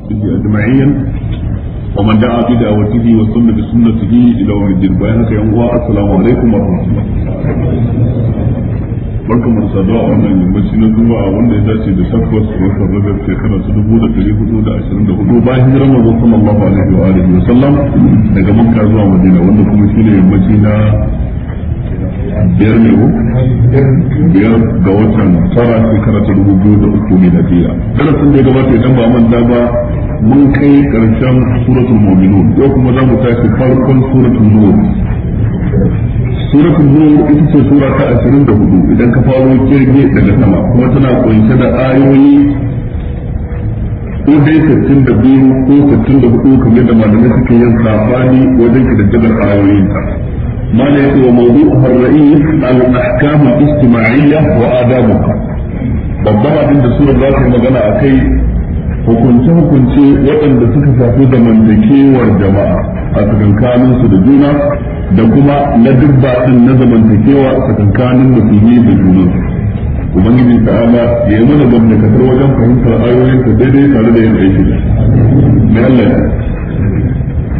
أجمعين ومن دعا بدعوته وسن بسنته إلى يوم الدين بيانك يا السلام عليكم ورحمة الله barkamu da saduwa a wannan yammaci na zuwa wanda ya dace da takwas a watan shekara ta dubu da dari hudu da ashirin da hudu bayan hijirar manzon sallallahu alaihi wa alihi wa sallam daga makka zuwa madina wanda kuma shine yammaci na biyar ne ko biyar ga watan tara shekara ta dubu biyu da uku ne lafiya darasin da ya gabata idan ba manta ba mun kai karshen suratul mu'minun yau kuma za mu tashi farkon suratul nur suratul nur ita ce sura ta ashirin da hudu idan ka faro jirgi daga sama kuma tana kunshe da ayoyi ko dai sittin da biyu ko sittin da hudu kamar da malamai suke yin safani wajen kididdigar ayoyinta ما ليس وموضوعها الرئيس الأحكام الاجتماعية وآدابها babban abin da surar za ta magana a kai hukunce-hukunce waɗanda suka shafi zamantakewar jama'a a tsakankanin su da juna da kuma na dubba ɗin na zamantakewa a tsakankanin musulmi da juna ubangiji ta'ala ya yi mana gwamnatatar wajen fahimtar ayoyin ta daidai tare da yin aiki da Allah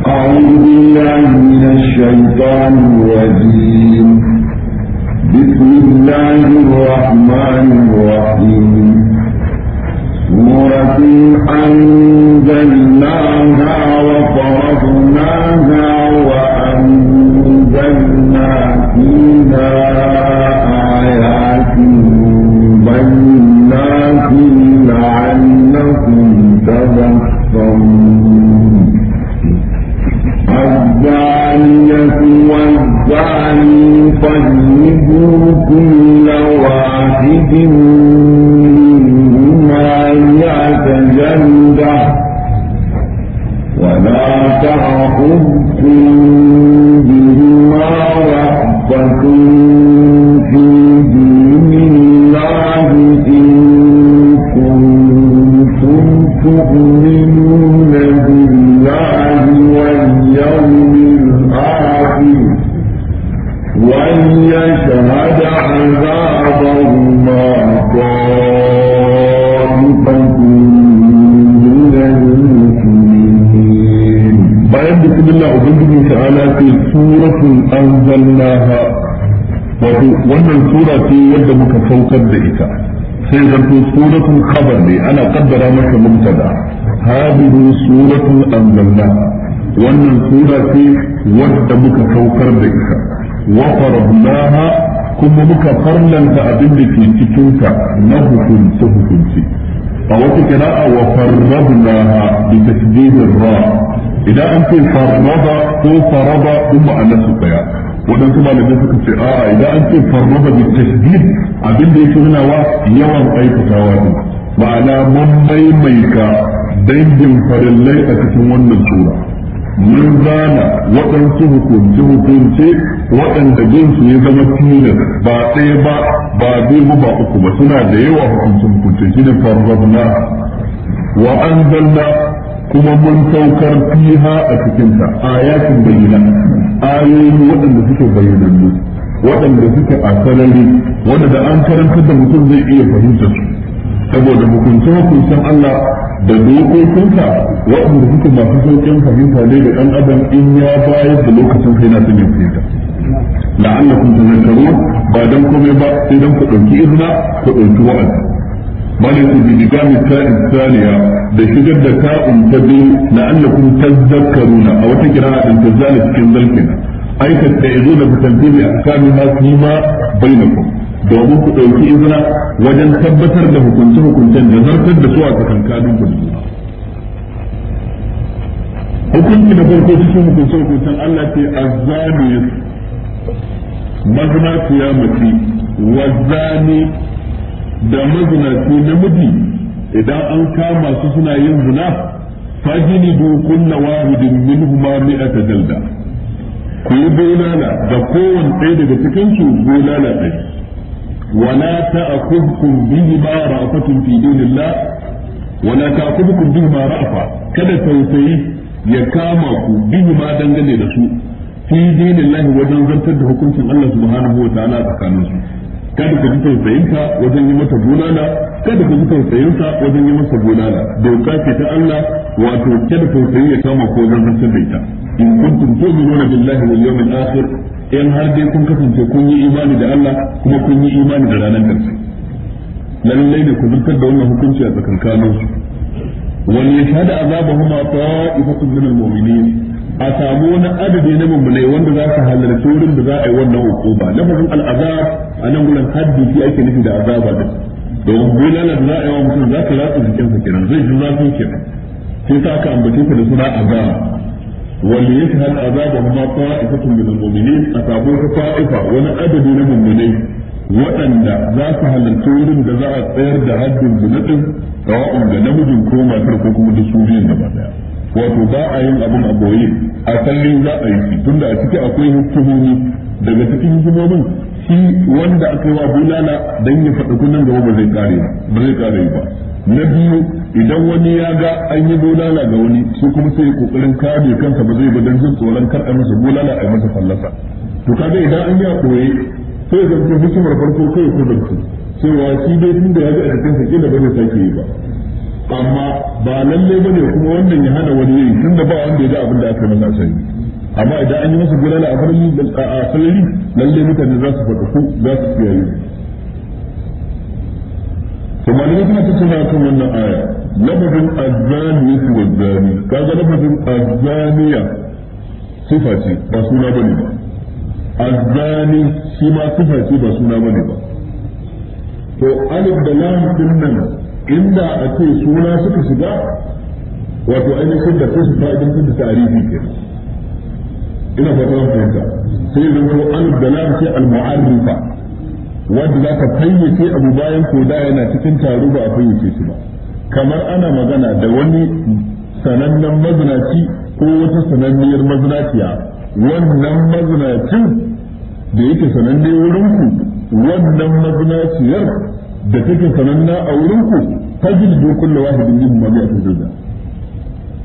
أعوذ بالله من الشيطان الرجيم بسم الله الرحمن الرحيم سورة أنزلناها وأنزلنا فيها آيات لعلكم تذكرون والزانية والزاني فاجلدوا كل واحد منهما مئة جلدة ولا تأخذكم بهما رأفة Allah ubangiji ta ala ce suratun anzalnaha wato wannan sura ce yadda muka saukar da ita sai zanto suratun khabar ne ana kaddara maka mubtada hadihi suratun anzalnaha wannan sura ce wadda muka saukar da ita wa faradaha kuma muka farlanta abin da ke cikinta na hukunce hukunci a wata a wa farradnaha bi tasdidin ra idan an ce farrada ko farada duk ma'anar su daya waɗansu malamai suka ce a'a idan an ce farrada bi tasdid abin da yake nuna wa yawan aikatawa ne ma'ana mun maimaita dangin farillai a cikin wannan sura mun zana waɗansu hukunce hukunce waɗanda bin ya zama tilas ba ɗaya ba ba biyu ba uku ba suna da yawa hukunce hukunce shi ne farrabna wa an zanna kuma mun saukar fiha a cikinta ayatin bayyana ayoyi waɗanda suke bayyanannu waɗanda suke a sarari wanda da an karanta da mutum zai iya fahimta su saboda hukuncin hukuncin Allah da dokokinsa waɗanda suke masu sauƙin fahimta ne da ɗan adam in ya bayar da lokacin kai na sun yi fahimta kun tazakkaru ba don komai ba sai dan ku ɗauki izina ku ɗauki wa'azi bane bi diga ta insaniya da shigar da ta'un ta biyu la'allakum tazakkaruna a wata kira'a din tazali cikin zalkina aikata izuna bi tanzimi ahkamiha ma bainakum domin ku ɗauki izina wajen tabbatar da hukunce-hukuncen da zartar da su a tsakankanin ku hukunci da farko cikin hukunce-hukuncen Allah ce azzani mazinaci ya mace zane da mazinaci namiji idan an kama su suna yin zina fajinidu kulla wahidin minhuma mi'ata jalda ku yi bulala da kowane ɗaya daga cikin su bulala ɗaya ولا تأخذكم بهما رأفة في دين الله ولا تأخذكم بهما رأفة كذا توسعي يكامكم بهما دنجل لسوء في دين الله وجن زلتد حكمكم الله سبحانه وتعالى تكانوسوا kada ka ji tausayinka wajen yi masa bulala kada ka ji tausayinsa wajen yi masa bulala doka ce ta Allah wato kada tausayi ya kama ko zan san da ita in in har dai kun kasance kun yi imani da Allah kuma kun yi imani da ranar karshe lallai ne ku zurkar da wannan hukunci a tsakankanin su wal azaba azabahuma ta'ifatun min al-mu'minin a samu wani adadi na mummunai wanda za su halarci wurin da za a yi wannan hukuma lafazin al'azab a nan gurin haddi shi ake nufi da azaba da domin da za a yi wa mutum za ka ratsa jikinsa kenan zai ji zafin kenan sai sa aka ambace ka da suna azaba wani yake hal azaba ma fa'ifatun a almu'minin asabu fa'ifa wani adadi na mu'minai waɗanda za su halarci wurin da za a tsayar da haddin zunubin sawa'un da namijin ko matar ko kuma da su da ba wato ba a yin abun a boye a sallin za a yi shi tunda a ciki akwai hukumomi daga cikin hukumomin shi wanda aka wa bulala don ya faɗi kunan gaba ba zai kare ba ba na biyu idan wani ya ga an yi bulala ga wani su kuma sai ya kokarin kare kansa ba zai ba dan jin tsoron kar a masa bulala a masa fallasa to kaga idan an yi a koye sai ya zanto hikimar farko kai ko da ku cewa shi dai tun da ya ga a cikin sa kila ba zai sake yi ba amma ba lalle ba ne kuma wannan ya hana wani yi, tun da ba wanda ya ga abin da aka masa sai amma idan an yi masa bulala a farin a sarari lalle mutane za su faɗa ko za su kiyaye to malamai suna tattauna kan wannan aya lafazin azzani su wazzani kaga lafazin azzaniya sifa ce ba suna bane ba ma ba suna bane ba to alif da lam din nan inda a suna suka shiga wato ainihin da su fa'idan da tarihi kenan ina fata fahimta sai zan ko alif da lam sai al-mu'arrifa wanda za ka fayyace abu bayan ko da yana cikin taro ba a fayyace shi ba kamar ana magana da wani sanannen mazinaci ko wata sananniyar mazinaciya wannan mazinacin da yake sananne wurinku wannan mazinaciyar da take sananna a wurinku jin dokun da wahidin min ma ta tajida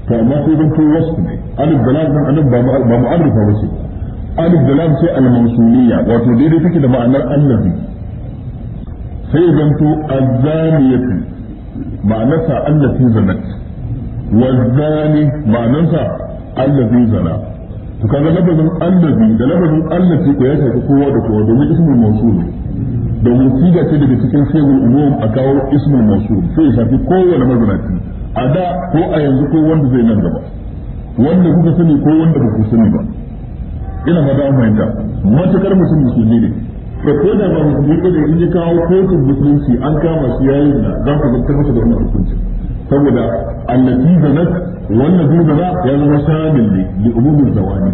to amma sai don ko wasu ne alif da lafi anan ba ba mu'arrifa ba ce alif da lam sai al mansuliyya wato daidai take da ma'anar annabi sai ya zanto azzaniyatu ma'anarsa allazi zanat zani ma'anarsa allazi zana to kaga labarin allazi da labarin allazi ko ya shafi kowa da kowa domin ismul mawsul domin siga ce daga cikin sayyidul umum a kawo ismul mawsul sai ya shafi kowane mazanaci a da ko a yanzu ko wanda zai nan gaba wanda kuka sani ko wanda ba ku sani ba ina ma da fahimta matakar mutum musulmi ne to ko da ba musulmi ko da in kawo kotun musulunci an kama shi yayin da za ka zartar masa da wannan hukunci saboda da nak wannan duba za ya zama shamil ne li umumin zawani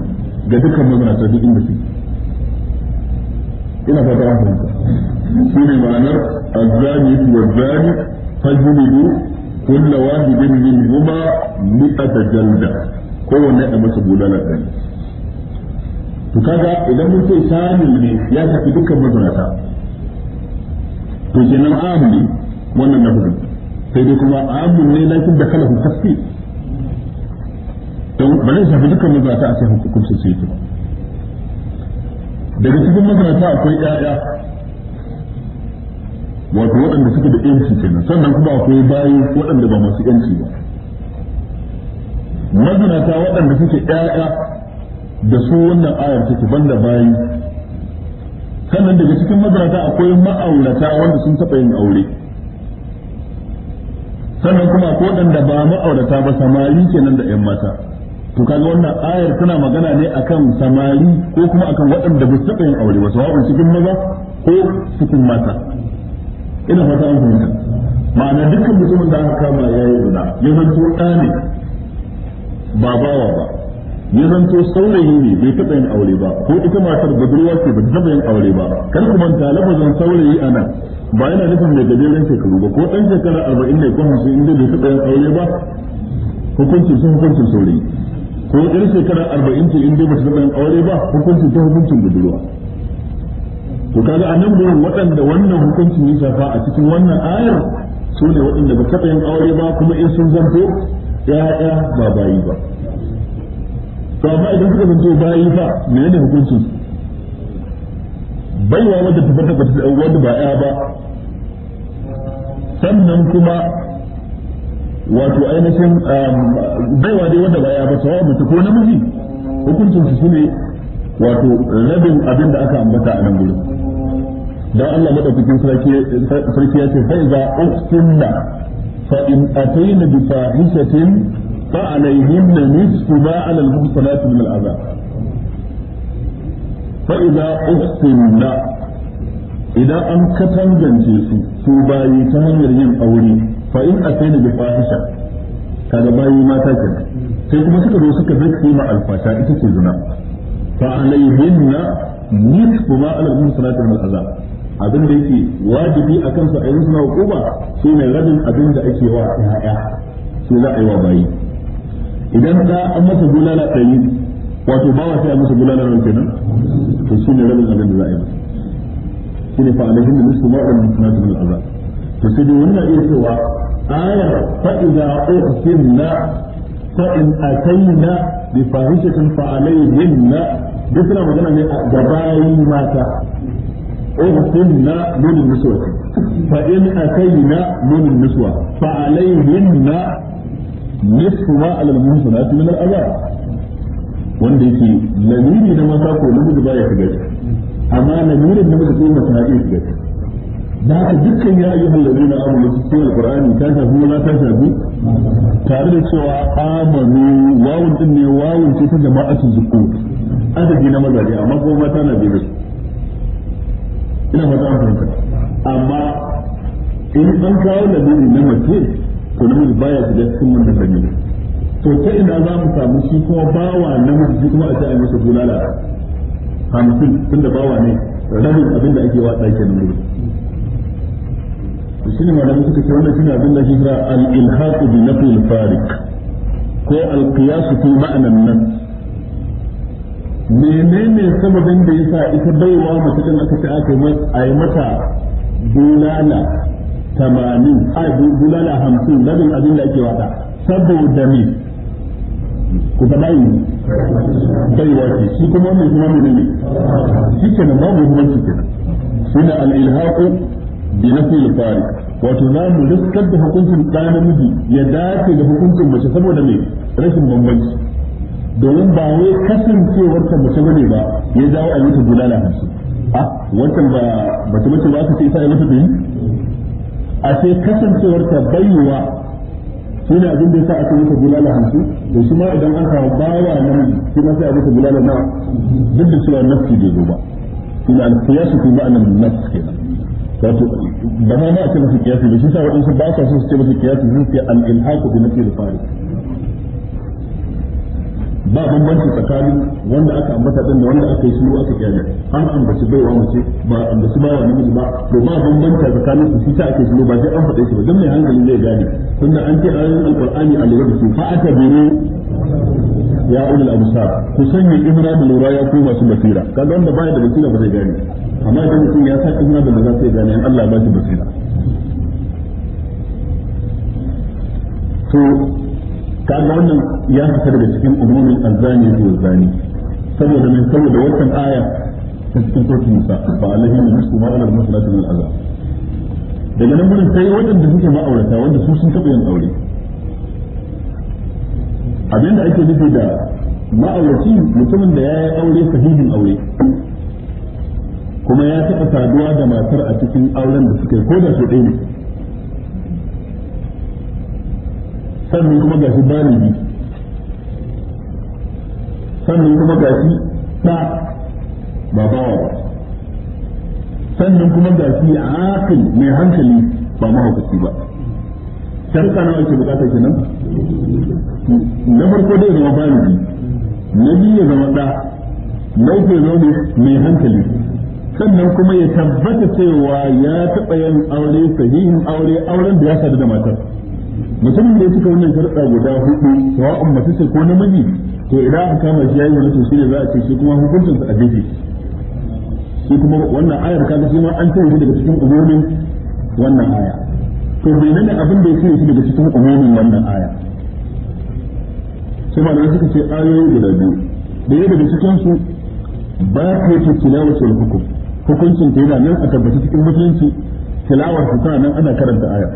ga dukkan ta duk inda su ina ba an fahimta shi ne ma'anar azzani wa zani fajlidu kullu wahidin minhuma mi'ata jalda kowanne a masa bulala ɗari to kaga idan mun ce sami ne ya tafi dukkan mazunata to kenan amu ne wannan hudu sai dai kuma amu ne lakin da kala tafsir don ba zai shafi dukkan mazunata a cikin hukuncin su ta daga cikin mazunata akwai 'ya'ya. wato waɗanda suke da yanci kenan sannan kuma akwai bayi waɗanda ba masu yanci ba mazunata waɗanda suke 'ya'ya. da su wannan ayar take banda bayi sannan daga cikin mazarata akwai ma'aurata wanda sun taɓa yin aure sannan kuma ko waɗanda ba ma'aurata ba samari kenan da 'yan mata to kaga wannan ayar tana magana ne akan samari ko kuma akan waɗanda ba su taɓa yin aure ba sawa'un cikin maza ko cikin mata ina fata an fahimta ma'ana dukkan mutumin da aka kama ya yi guda ya zanto ɗa ne ba bawa ba ya zanto saurayi ne bai taɓa yin aure ba ko ita matar budurwa ce bai taɓa yin aure ba kar ku manta lafazin saurayi a nan ba yana nufin mai gajeren shekaru ba ko ɗan shekara arba'in ne ko hamsin inda bai taɓa yin aure ba hukuncin sun hukuncin saurayi ko ɗan shekara arba'in ce inda bai taɓa yin aure ba hukuncin ta hukuncin budurwa to kaga a nan gurin waɗanda wannan hukuncin ya shafa a cikin wannan ayar su ne waɗanda ba taɓa yin aure ba kuma in sun zanto ya'ya ba bayi ba to amma idan suka zanto bayi fa ne hukuncin su baiwa wadda ta farka ba wanda ba ya ba sannan kuma wato ainihin um, baiwa dai wanda ba ya ba sawa mace ko namiji hukuncin su ne wato rabin abin da aka ambata a nan gurin dan Allah madaukakin sarki ya ce fa iza ukhtunna fa in atayna bi fahishatin فعليهن نصف ما على المحصنات من العذاب فإذا أحسن إذا أن كتنجن جيسو سوباي تهنجر ين أولي فإن أتينا بفاحشة كذا باي ما تكن سيكما سكروا سكروا سكروا الفاشا إتكي زنا فعليهن نصف ما على المحصنات من العذاب abin da yake wajibi a kansu a yi suna hukuma shi ne rabin abin da ake wa 'ya'ya su za a yi wa bayi idan da an masa bulala ɗari wato bawa sai a masa bulala nan kenan to shi ne rabin abin da za a yi masa shi ne fa alaihin da musu ma'urin mutunatu bil azab to sai dai wannan iya cewa ayar fa idza uhsinna fa in atayna bi fahishatin fa na duk suna magana ne a gabayin mata uhsinna nunin nuswa fa in atayna nunin nuswa fa na. nisfu ma alal muhsanati min al-azab wanda yake lamiri na mata ko namiji ba ya shiga amma lamirin namiji ko mata na iya shiga da haka dukkan ya ayyuhal ladina amanu cikin alqur'ani ta shafi wala ta shafi tare da cewa amanu wawun din ne wawun ce ta jama'atul zukur adadi na mazaje amma ko mata na biyu ina fata an fahimta amma in an kawo lamirin na mace to namiji baya shiga cikin wannan rami to ta ina za mu samu shi kuma bawa namiji kuma a ce a masa bulala hamsin tunda bawa ne rabin abin abinda ake watsa kenan gudu shi ne malamu suka ce wannan shine abin da shi kira al-ilhaq bi nafi al-farik ko al-qiyas fi ma'na an-nas menene sababin da yasa ita baiwa mutum aka ce aka yi mata bulala tamanin a bulala hamsin rabin abin da ake wata saboda me ku faɗa yi baiwa ce shi kuma wannan kuma mu ne shi kenan babu hukunci kenan suna al-ilhaqu bi nafsi al-fariq wato za mu riskar da hukuncin ɗa miji ya dace da hukuncin mace saboda ne rashin bambanci domin ba wai kasancewar ta mace bane ba ya dawo a mata bulala hamsin a ah, wancan ba mace mace ba aka ce sai mata da yi a sai kasancewar ta bayuwa shi ne abin da ya sa aka ta bulala hamsin da shi ma idan an kawo bawa nan shi ma sai a masa bulala nawa duk da cewa nafsi bai zo ba shi ne alkiyasu fi ma'anan nafs kenan wato ba ma ma a ce masa kiyasi ba shi sa waɗansu ba sa su ce masa kiyasi sun ce al-ilhaqu bi nafsi da fari. ba bambanci tsakanin wanda aka ambata din da wanda aka yi shiru aka kyale an ambaci baiwa mace ba ambaci bawa namiji ba to ba bambanta tsakanin su shi ta aka shiru ba sai an faɗe shi ba dan mai hankali zai gane tunda an ce ayoyin alqur'ani a lura da su fa aka biro ya ulul absar ku sanya ibra da lura ya ku masu basira kaga wanda baya da basira ba zai gane amma idan mutum ya sa ibra da lura sai gane Allah ba shi basira to kaga wannan ya fita daga cikin umumin azani da zani saboda mai saboda wannan aya ta cikin sautin musa, ba alaihi min nisfu ma ala musallati min azab daga nan gurin sai waɗanda suke ma'aurata wanda su sun taɓa yin aure abinda ake nufi da ma'auraci mutumin da ya yi aure sahihin aure kuma ya taɓa saduwa da matar a cikin auren da suka yi ko da su ɗaya ne sannan kuma gashi baligi sannan kuma gashi ta ba ba ba sannan kuma gashi aqil mai hankali ba mahaukaci ba sharka nawa bukatar bukata nan na farko dai zama baligi na biyu ya zama da na uku ya zama mai hankali sannan kuma ya tabbata cewa ya taɓa yin aure sahihin aure auren da ya sadu da matar mutumin da ya cika wannan sharuɗa guda hudu sawa'un mace ce ko namiji to idan aka kama shi yayi wani to shi ne za a ce shi kuma hukuncin sa a jefe shi kuma wannan ayar kaga shi ma an tare shi daga cikin umumin wannan aya to menene abin da ya tare shi daga cikin umumin wannan aya sai malamai suka ce ayoyi guda biyu da yake daga cikin su ba ka yi tilawatul hukum hukuncin ta yana nan a tabbata cikin mutunci tilawar ta nan ana karanta ayar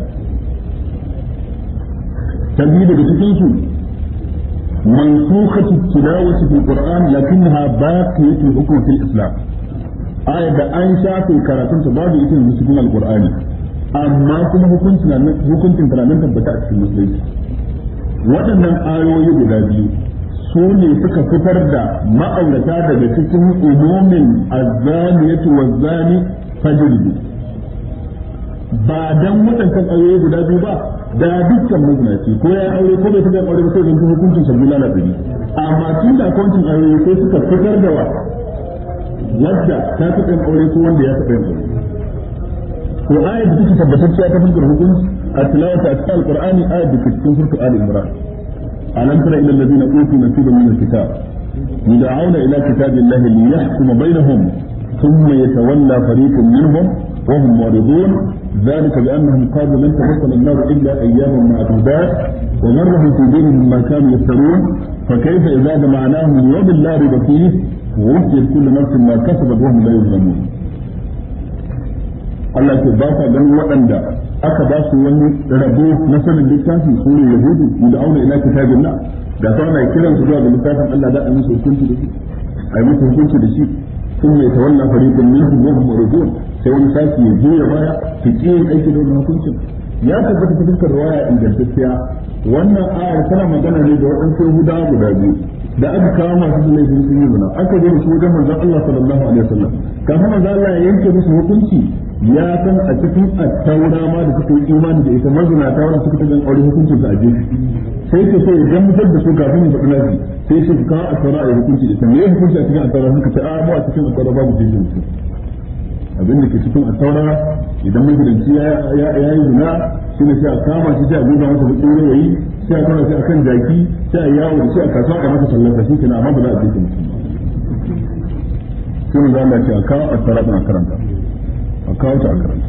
ta biyu daga cikin su منسوخة التلاوة في القرآن لكنها باقية الحكم في الإسلام آية أن شاءت الكراتين تبعد إتن المسلمين القرآن أما كما حكم تنتنانين تبتأت في المسلمين waɗannan ayoyi guda biyu su ne suka fitar da ma'aurata daga cikin umumin azzaniyatu wazzani fajridu ba dan waɗancan aure guda biyu ba da dukkan mazinaci ko ya aure ko bai taɓa aure ba sai zan hukuncin sa bila na biri amma tun da kwancin aure sai suka fitar da wa wadda ta taɓa yin aure ko wanda ya taɓa yin aure ko ayat da take tabbatacciya ta fuskar hukunci a tilawata a cikin alqur'ani ayat da ke cikin surtu ali imran alam tara ila alladhina utu nasiban min alkitab yud'auna ila kitabillahi liyahkuma bainahum thumma yatawalla fariqun minhum وهم معرضون ذلك بأنهم قالوا لن تمثل النار إلا أياما معدودات ومرهم في دينهم ما كانوا يفترون فكيف إذا جمعناهم يوم لا ريب فيه ووفيت كل نفس ما كسبت وهم لا يظلمون Allah ce ba sa ganin waɗanda aka ba su wani rabo na sanin littafi su ne yahudu yud'auna ila kitabillah da ta ana kiran su zuwa ga littafin Allah da a musu hukunci da shi a musu hukunci da shi sun mai tawalla fariqun minhum wa hum muridun sai wani sashi ya juya baya su ƙi yin aiki da wannan hukuncin ya tabbata ta fuskar riwaya ingantacciya wannan ayar tana magana ne da waɗansu huda guda biyu da aka kawo masu su laifin sun yi zina aka da su wajen manzon Allah sallallahu alaihi wasallam kafin manzon Allah ya yanke musu hukunci ya san a cikin taura ma da suka yi imani da ita mazuna ta wanda suka tajan aure hukuncin ta a sai ka so idan mutar da su kafin mu faɗi sai su kawo attaura a hukunci da ita me hukunci a cikin attaura suka ce a ba a cikin babu jinjin su abin da ke cikin attaura idan magidanci ya yi zina shi ne sai a kama shi sai a duba masa duk wani yayi sai a kama shi a kan jaki sai a yawo sai a kasuwa a masa sallata shi kenan amma ba za a duka mutum sai za a ce a kawo attaura ɗin a karanta a kawo ta a karanta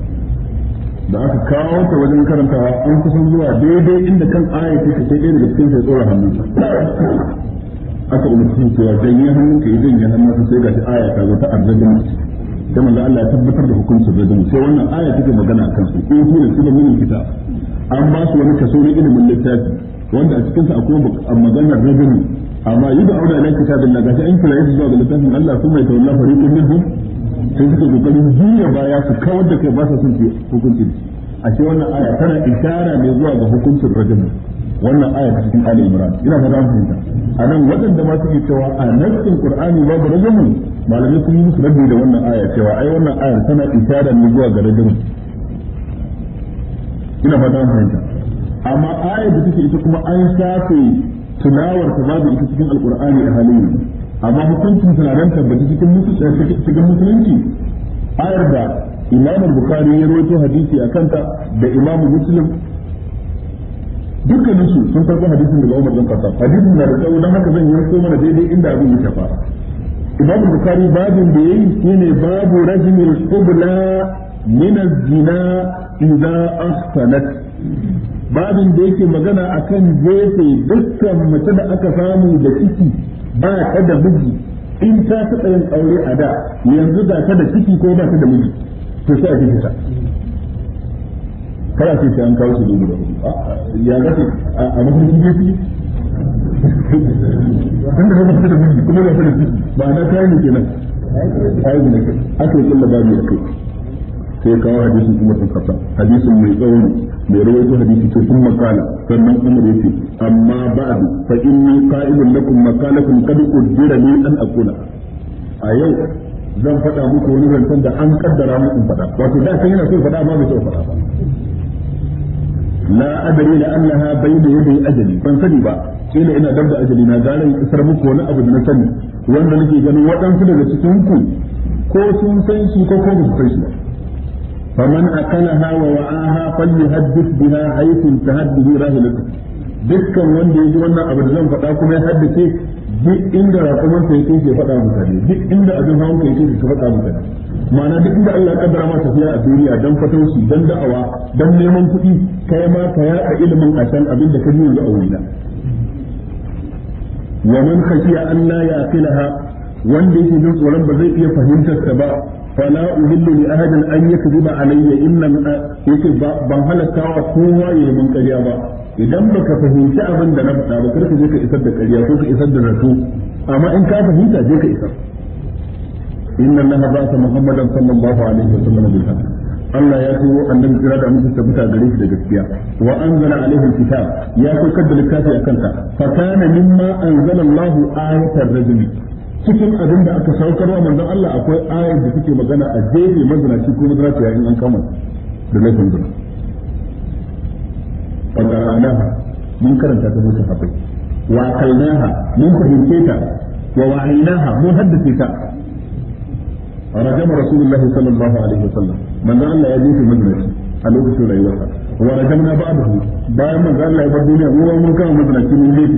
da aka kawo ta wajen karanta an kusan zuwa daidai inda kan aya take sai ɗaya daga cikin sai tsora hannu. aka umarci cewa janye hannunka ya janye hannu sai ga ta aya ta zo ta arzajin sai manzo Allah ya tabbatar da hukuncin rajul sai wannan aya take magana kan su in su ne su da mun kitab an ba su wani kaso na ilimin littafi wanda a cikin sa akwai maganar rajul amma yadda da aure ala kitabin Allah gashi an kira yadda zuwa ga littafin Allah sun mai tawalla fariqun minhum sai suka kokarin jiya baya su kawar da kai ba sa son hukunci a ce wannan aya tana isara ne zuwa ga hukuncin rajul wannan aya ta cikin Ali Imran ina fata an fahimta a nan waɗanda ma suke cewa a nassin Qur'ani babu rajul malamai sun yi musu rabbi da wannan aya cewa ai wannan ayar tana isharar ne zuwa ga rajulun ina fata an fahimta amma ayar da take ita kuma an shafe tunawar ta babu ita cikin alqur'ani a halin yanzu amma hukuncin tunaran tabbata cikin musulunci cikin musulunci ayar da imam bukhari ya rawaito hadisi a kanta da imam muslim dukkaninsu sun farko hadisin daga umar bin khattab hadisin na da tsawo don haka zan yanko mana daidai inda abin ya shafa imam bukari babin da yayi shine babu rajmil qubla min az-zina idza ahsanat babin da yake magana akan jefe dukkan mace da aka samu da ciki ba ta da miji in ta taɓa yin aure a da yanzu da ta da ciki ko ba ta da miji to sai a kisa kada sai an kawo su dubu da hudu ya ga a mafarki jefi tunda ba su da miji kuma ba ba na ne kenan ne aka yi kulla a sai kawo hadisin kuma sun kasa hadisin mai tsawon mai rawaito hadisi ce sun makala sannan umar ya ce amma fa inni qa'ilun lakum makalakum an aqula a yau zan faɗa muku wani zancen da an kaddara muku faɗa wato da kan yana so faɗa amma bai so faɗa ba la bai da annaha bayna yi ajali ban sani ba kila ina da ajali na gara in isar muku wani abu da na sani wanda nake ganin waɗansu daga cikin ku ko sun san shi ko ko ba su san shi ba faman akalaha wa wa'aha falyuhaddith biha haythu intahad bihi rahilatu dukkan wanda yaji wannan abu da zan faɗa kuma ya haddace duk inda rakuman sa yake ke faɗa mutane duk inda abin hawan ka yake ke faɗa mutane ma'ana duk inda Allah ya kaddara ma tafiya a duniya dan fatauci dan da'awa dan neman kuɗi kai ma ka ya a ilimin a san abin da ka yi yanzu a wurina wa man khashiya an la yaqilaha wanda yake jin tsoron ba zai iya fahimtar ta ba fala uhillu li ahadin an yakdhiba alayya inna yake ban halatta wa kowa yi mun kariya ba idan baka fahimci abin da na faɗa ba kar ka je ka isar da kariya ko ka isar da rato amma in ka fahimta je ka isar inna allaha ba'atha muhammadan sallallahu alaihi wasallam bil haqq Allah ya turo annabi kira da mutum ta buta gare shi da gaskiya wa anzala alaihi alkitab ya saukar da littafi akan ka fa kana mimma anzala Allah ayatar rajuli cikin abin da aka saukarwa manzon Allah akwai ayar da suke magana a jefe shi ko mazinaci yayin an kama da laifin zina fa qara'naha mun karanta ta mutum hafi wa akalnaha mun fahimce ta wa wa'inaha mun haddace ta rajama rasulullahi sallallahu alaihi wasallam manzo Allah ya ji shi majnati a lokacin rayuwarsa wa rajamna ba'dahu bayan manzo Allah ya bar duniya mu mun kama majnati mun laifi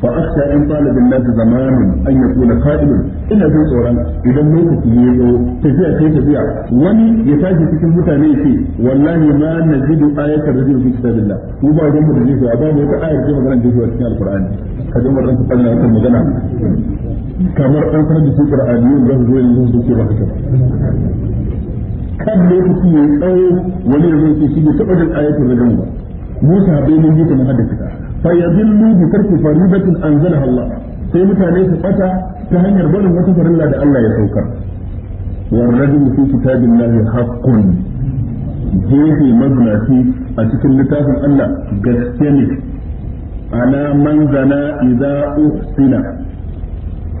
fa akhsha in qala bin nas zamanin an yakuna qa'idun ina jin tsoron idan lokaci ya zo tafiya kai tafiya wani ya tashi cikin mutane yake wallahi ma najidu ayatar rajul fi kitabillah mu ba ruwan mu da jifa ba mu ta ayar ce magana jifa cikin alqur'ani kaje mu ranta kamar an sanar da su qur'ani da su zo yanzu su ce ba haka kan lokaci ne tsawo wani yanzu ce shi ne taba jin ayatul rajm ba musa bai mun yi ta mun hadda ta fa yadillu bi tarki faridatin sai mutane su bata ta hanyar barin wata farilla da Allah ya saukar والرجل في كتاب الله حق jefe mazinaci a cikin littafin Allah gaske ne ana man zana uhsina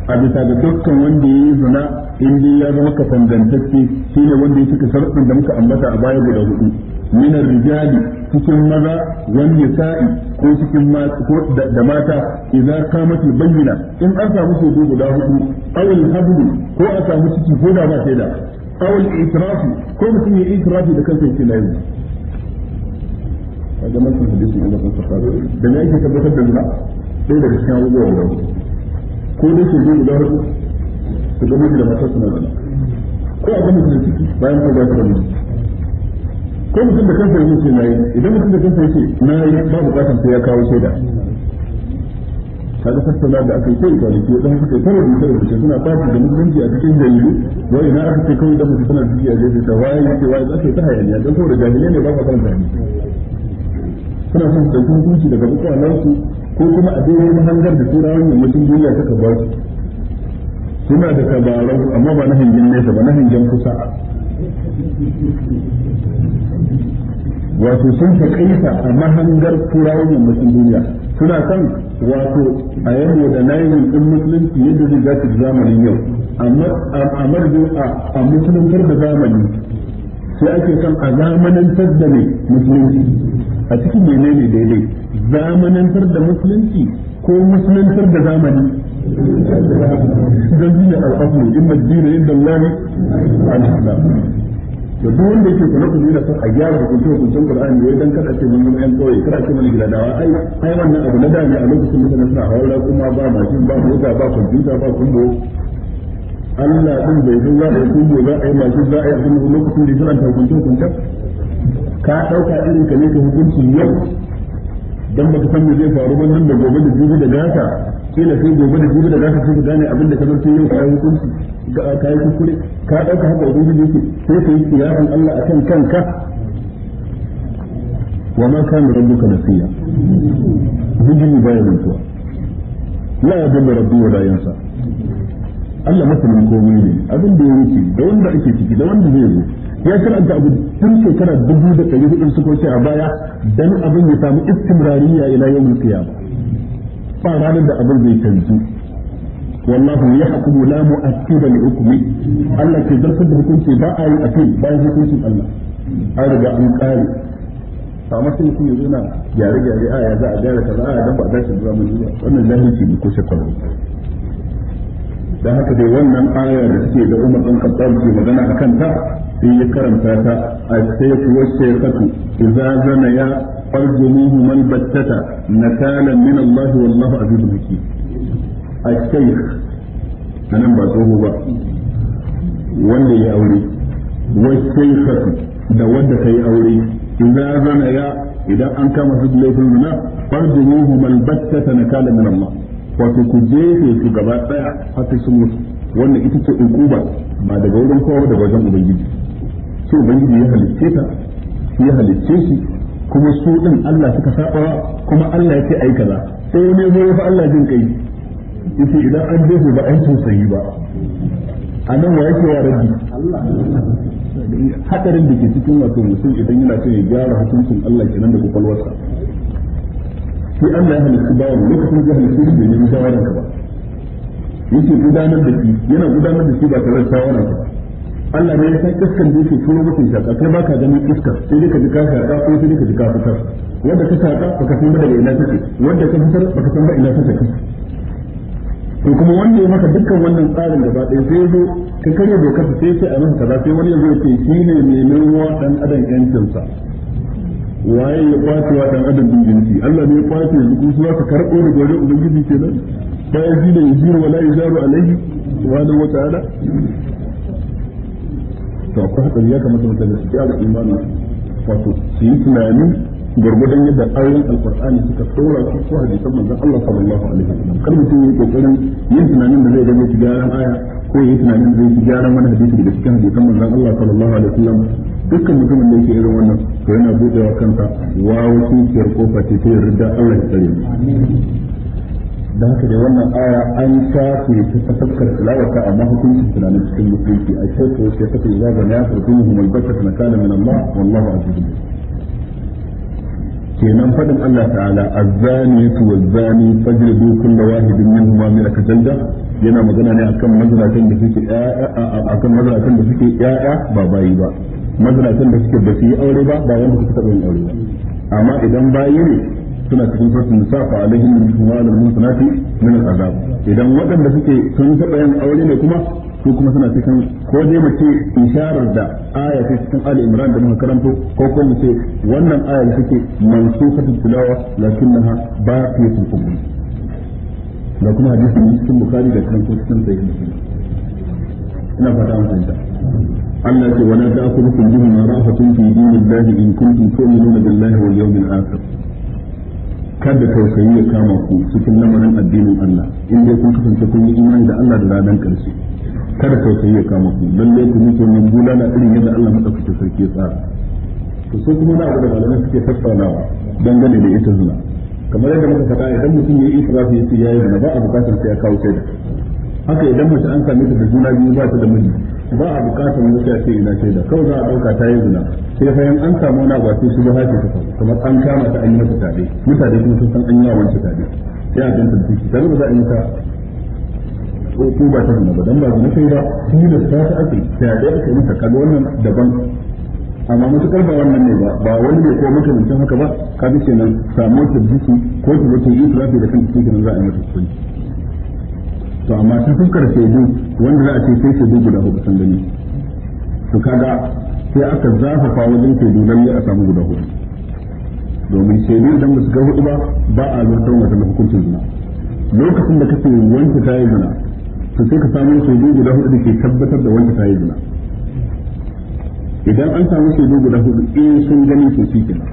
a bisa ga dukkan wanda ya yi zina in dai ya zama kafangantacce shi ne wanda ya cika sharɗin da muka ambata a baya guda hudu minar rijali cikin maza wanda ya sa'i ko cikin ko da mata idza qamat bayyana in an samu shaidu guda hudu aw al ko a samu ciki ko da ba shaida aw al-itiraf ko mutum ya itirafi da kansa yake layi kaga man hadisi da kan sa da ne yake tabbatar da zina sai daga cikin abubuwan da ko dai su zai guda hudu su da matar suna zama ko a gama da ciki bayan ko za su ko mutum da kansa yake ce nayi idan mutum da kansa na yi ba bukatan sai ya kawo shaida kaga tattauna da aka yi kai kwanaki wadan suka yi da rubuce rubuce suna fasu da musulunci a cikin jami'u wa na aka ce kawai dan mutum suna ciki a gefe ta waye yake waye aka yi ta hayaniya dan saboda jahilai ne ba ka san jami'u suna son su dauki hukunci daga bukwa nan su ko kuma a daidai mahangar da turawan yammacin duniya suka ba su suna da tabarau amma ba na hangen nesa ba na hangen kusa wato sun ta kaisa a mahangar turawan yammacin duniya suna kan wato a yamma da nayin din musulunci yadda zai dace zamanin yau a marzo a musuluntar da zamani sai ake kan a zamanantar da mai musulunci a cikin menene daidai zamanantar da musulunci ko musuluntar da zamani don zina al'aslu inna dina inda Allah al-islam to duk wanda yake kuma kuma yana son a gyara da hukuncin hukuncin Qur'ani wai dan kada ce mun zama yan kauye kada ce mun gidadawa ai ai wannan abu na dani a lokacin mutane suna haura kuma ba mashin ba mota ba kwamfuta ba kumbo Allah din bai san za a yi kumbo za a yi mashin za a yi abin lokacin da ya ta hukuncin hukuncin ka ɗauka irin ka ne ka hukunci yau dan baka san me zai faru ba nan da gobe da jibi da gasa kila sai gobe da jibi da gasa sai ka gane abin da ka zarce yau ka yi hukunci ga ka yi kuskure ka ɗauka haka ubangiji yake sai ka yi kiyasin Allah akan kanka wa ma kana rabbuka nasiya bijimi baya mutuwa la yadullu rabbi wa la yansa Allah masanin komai ne abin da ya wuce da wanda ake ciki da wanda zai zo ya karanta abu tun shekara dubu da ɗari hudu suka wuce a baya dan abin ya samu istimrariya ila yawmin qiyama ba ranar da abin zai canzu wallahu yahkumu la mu'akkida li hukmi Allah ke zartar da hukunci ba a yi appeal bayan hukuncin Allah an riga an kare amma sai mutum yanzu gyare gyare aya za a gyara kaza aya dan ba za ta zama zuwa. wannan jahilci ne ko shekaru Dan haka dai wannan aya da take da Umar bin Khattab ke magana akan ta sai ya karanta ta a sai kuwa shekatu idza zana ya farjumuhu man battata nakala min Allah wallahu azizul hakim a shaykh anan ba tsoho ba wanda ya aure wa shaykhatu da wanda yi aure idza zana ya idan an kama su laifin zina farjumuhu man battata nakala min Allah wato ku jefe su gaba daya har sun mutu wannan ita ce ukuba ba daga wurin kowa daga wajen ubangiji sai ubangiji ya halicce ta ya halicce shi kuma su din Allah suka sabawa kuma Allah ya yake ai kaza sai wani zo ya fa Allah jin kai yace idan an dafe ba an tausayi ba a nan wa yake wa rabbi hadarin da ke cikin wato mutum idan yana so ya gyara hukuncin Allah kenan da kwakwalwarsa sai Allah ya halicce ba bawan lokacin da halitta shi bai nemi shawaran ka ba yake gudanar da shi yana gudanar da shi ba tare da shawaran ka ba Allah ne ya san iskan da yake turo mutum shaka kai baka ganin iska sai dai ka ji ka shaka ko sai dai ka ji ka fitar wanda ka shaka baka san ba daga ina take wanda ka fitar baka san ba ina take to kuma wanda ya maka dukkan wannan tsarin gaba ɗaya sai zo ka karya dokar sai sai a masa kaza sai wani ya zo ce shi ne mai nemo dan adam yancinsa waye ya kwace wa dan adam din jinsi Allah ne ya kwace yanzu kuma su ka su karɓo da gore ubangiji kenan ta yi ne ya jiro wala ya jaro alaihi subhanahu wa ta'ala to akwai hatsari ya kamata mutane su gyara imanin wato su yi tunani gurgudan yadda ayoyin alqur'ani suka tsora su ko hadisan manzon Allah sallallahu alaihi wasallam kar mutum ya kokarin yin tunanin da zai ga mai gyaran aya ko yayi tunanin da zai gyaran wani hadisi da cikin hadisan manzon Allah sallallahu alaihi wasallam dukkan mutumin da yake irin wannan to yana wa kansa wa wasu kiyar kofa ce ta yarda Allah ya tsare da haka da wannan aya an shafe ta tafakkar tilawata amma hukuncin tunanin cikin mutunci a shekku sai ta kai zaga ya farkun humul bakat na kana min Allah wallahu azizun kenan fadin Allah ta'ala azzaniyatu wazzani fajridu kulla wahidin minhuma mi'ata jalda yana magana ne akan mazratan da suke akan da suke yaya ba bayi ba mazratan da suke ba su yi aure ba ba wanda suka taɓa yin aure ba amma idan bayi ne suna cikin sosin nisa fa alaihim min shumal al-musanati min al-azab idan waɗanda suke sun taɓa yin aure ne kuma su kuma suna cikin ko dai mu ce isharar da aya ta cikin Ali Imran da muka karanto ko ko mu ce wannan aya da take mansukatu tilawa lakinnaha baqiyatun qubul da kuma hadisin cikin Bukhari da kan cikin Sahih Muslim ina fata an fahimta Allah ce wala ta'khudhukum bihi ma rafatun fi dinillahi in kuntum tu'minuna billahi wal yawmil akhir kada tausayi ya kama ku cikin lamarin addinin Allah in dai kun kasance kun yi imani da Allah da ranar karshe kada tausayi ya kama ku lallai ku mutu wannan na irin yadda Allah madaukakin sarki ya tsara to sai kuma na abu da malamai suke tattaunawa dangane da ita zina kamar yadda muka faɗa idan mutum ya yi israfi ya ce yayi zuna ba a bukatar sai ya kawo shaida haka idan mace an same ta da juna biyu ba ta da miji ba a bukatar mutu sai a ce ina shaida kawai za a dauka ta yi zina sai fa an samu wani abu su ba ce ta kamar an kama ta an yi mata mutane kuma sun san an yi wancan tabe sai a danta da shi tare da za a yi ta ko ba ta zina ba dan ba zina sai ba shi da ta ta ake ta da a masa kaga wannan daban amma matukar ba wannan ne ba ba wani ne ko mutum haka ba ka bi kenan samu ta ko ta zo ta yi turafi da kan cikin za a yi mata hukunci to amma ta fuskar shaidu wanda za a ce sai shaidu guda hudu sun gani to kaga sai aka zafafa wajen shaidu lalle a samu guda hudu domin shaidu idan ba su ga hudu ba ba a zartar wata hukuncin zina lokacin da ka kace wanda ta yi zina to sai ka samu shaidu guda hudu da ke tabbatar da wanda ta yi zina idan an samu shaidu guda hudu in eh, sun gani to shi kenan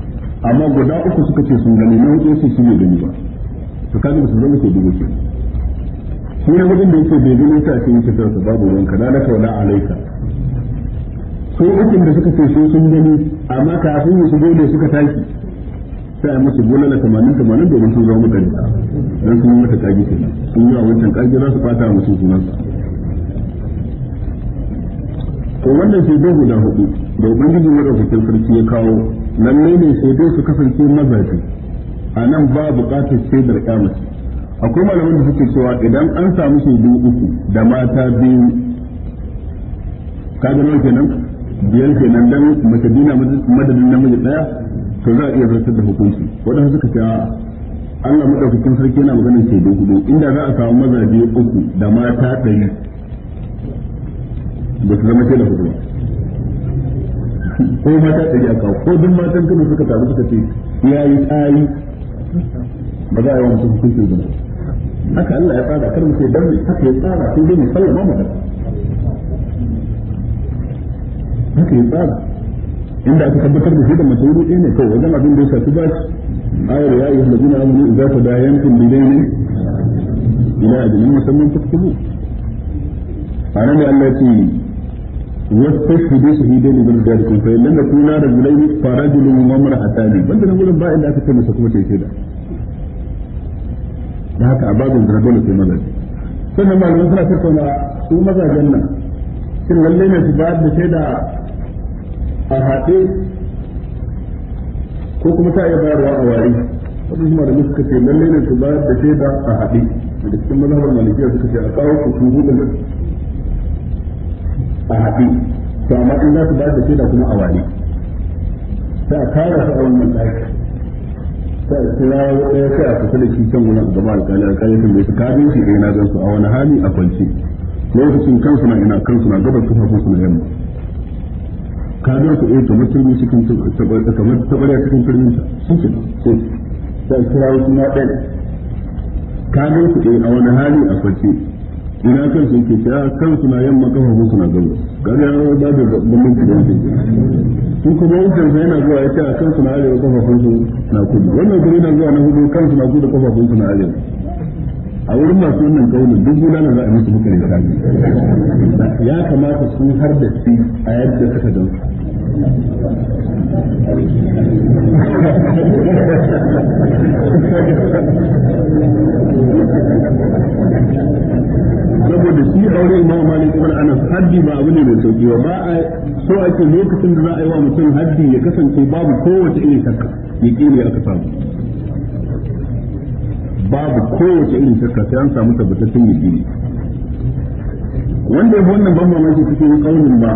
amma guda uku suka ce sun gani na hudu sai shi ne gani ba to kaga ba su zama shaidu ba kenan shi ne wajen da yake bai gani ta cikin kitar su babu ruwanka na laka wala alaika su ukun da suka ce su sun gani amma kafin su gode suka tashi sai musu musu na tamanin tamanin domin sun zama mutane don sun yi mata kagi kenan sun yi a wancan kagi za su fata musu sunansa to wannan shaidu guda hudu da ubangiji madaukakin sarki ya kawo nan ne sai dai su kasance mazaje a nan ba bukatar shaidar kyamace akwai malamin da suke cewa idan an samu shaidu uku da mata biyu kaga nawa kenan biyar kenan dan mace dina madadin namiji daya to za a iya zartar da hukunci wadanda suka ce Allah madaukakin sarki yana maganar shaidu hudu inda za a samu mazaje uku da mata ɗari ba su zama da hudu ko mata ɗari a kawo ko duk matan kano suka taru suka ce ya yi tsari ba za a yi wa mutum hukunci ba haka Allah ya tsara karin sai dan haka ya tsara sai dai mu sallama mu haka ya tsara inda aka tabbatar da shi da mutum ruɗe ne kawai wajen abin da ya shafi ba shi ayar ya yi halajina amini za ta da yankin da ne ila a jini musamman ta kuma a nan ne Allah ce wasu shi dai su hidai ne da rigar kuma sai lalla kuna da gudai fara jini mu mamara a tali banda na gudun ba inda aka kai masa kuma teke da. da haka a babin zira dole sai mazaje sannan malamai suna tattauna su mazajen nan shin lallai ne su ba da shaida a haɗe ko kuma ta iya bayarwa a wari wani shi malamai suka ce lallai ne su ba da shaida a haɗe da cikin mazhabar malikiya suka ce a kawo ku su hudu a haɗe to amma in za su ba da shaida kuma a wari sai a kara su a wannan ɗaki sai a kira ɗaya sai a fita da shi can wurin gaba alƙali alƙali kan bai ka bin shi ɗaya na gan su a wani hali a kwance lokacin kansu na ina kansu na gabas su hagu su na yamma ka su ku ɗaya kamar turmi cikin kamar tabarya cikin turmin ta sun ce sai a kira wasu na ɗaya ka su ɗaya eh, a wani hali a kwance ina kansu yake ta kansu na yamma kafafun su na gaba ga ya ba da bambanci da yake su kuma wancan sai yana zuwa ce a kansu na arewa kafafun su na kudu wannan kuma yana zuwa na hudu kansu na kudu kafafun su na arewa a wurin masu wannan kaunin duk na za a musu muka ne ya kamata sun har da shi a yadda suka don su saboda shi aure ma ne kuma anas haddi ba abu ne mai sauki ba ba a so ake lokacin da za a yi wa mutum haddi ya kasance babu kowace irin shakka ne aka samu babu kowace irin shakka sai an samu tabbatattun yaqini wanda ya wannan ban mamaki cikin kaunin ba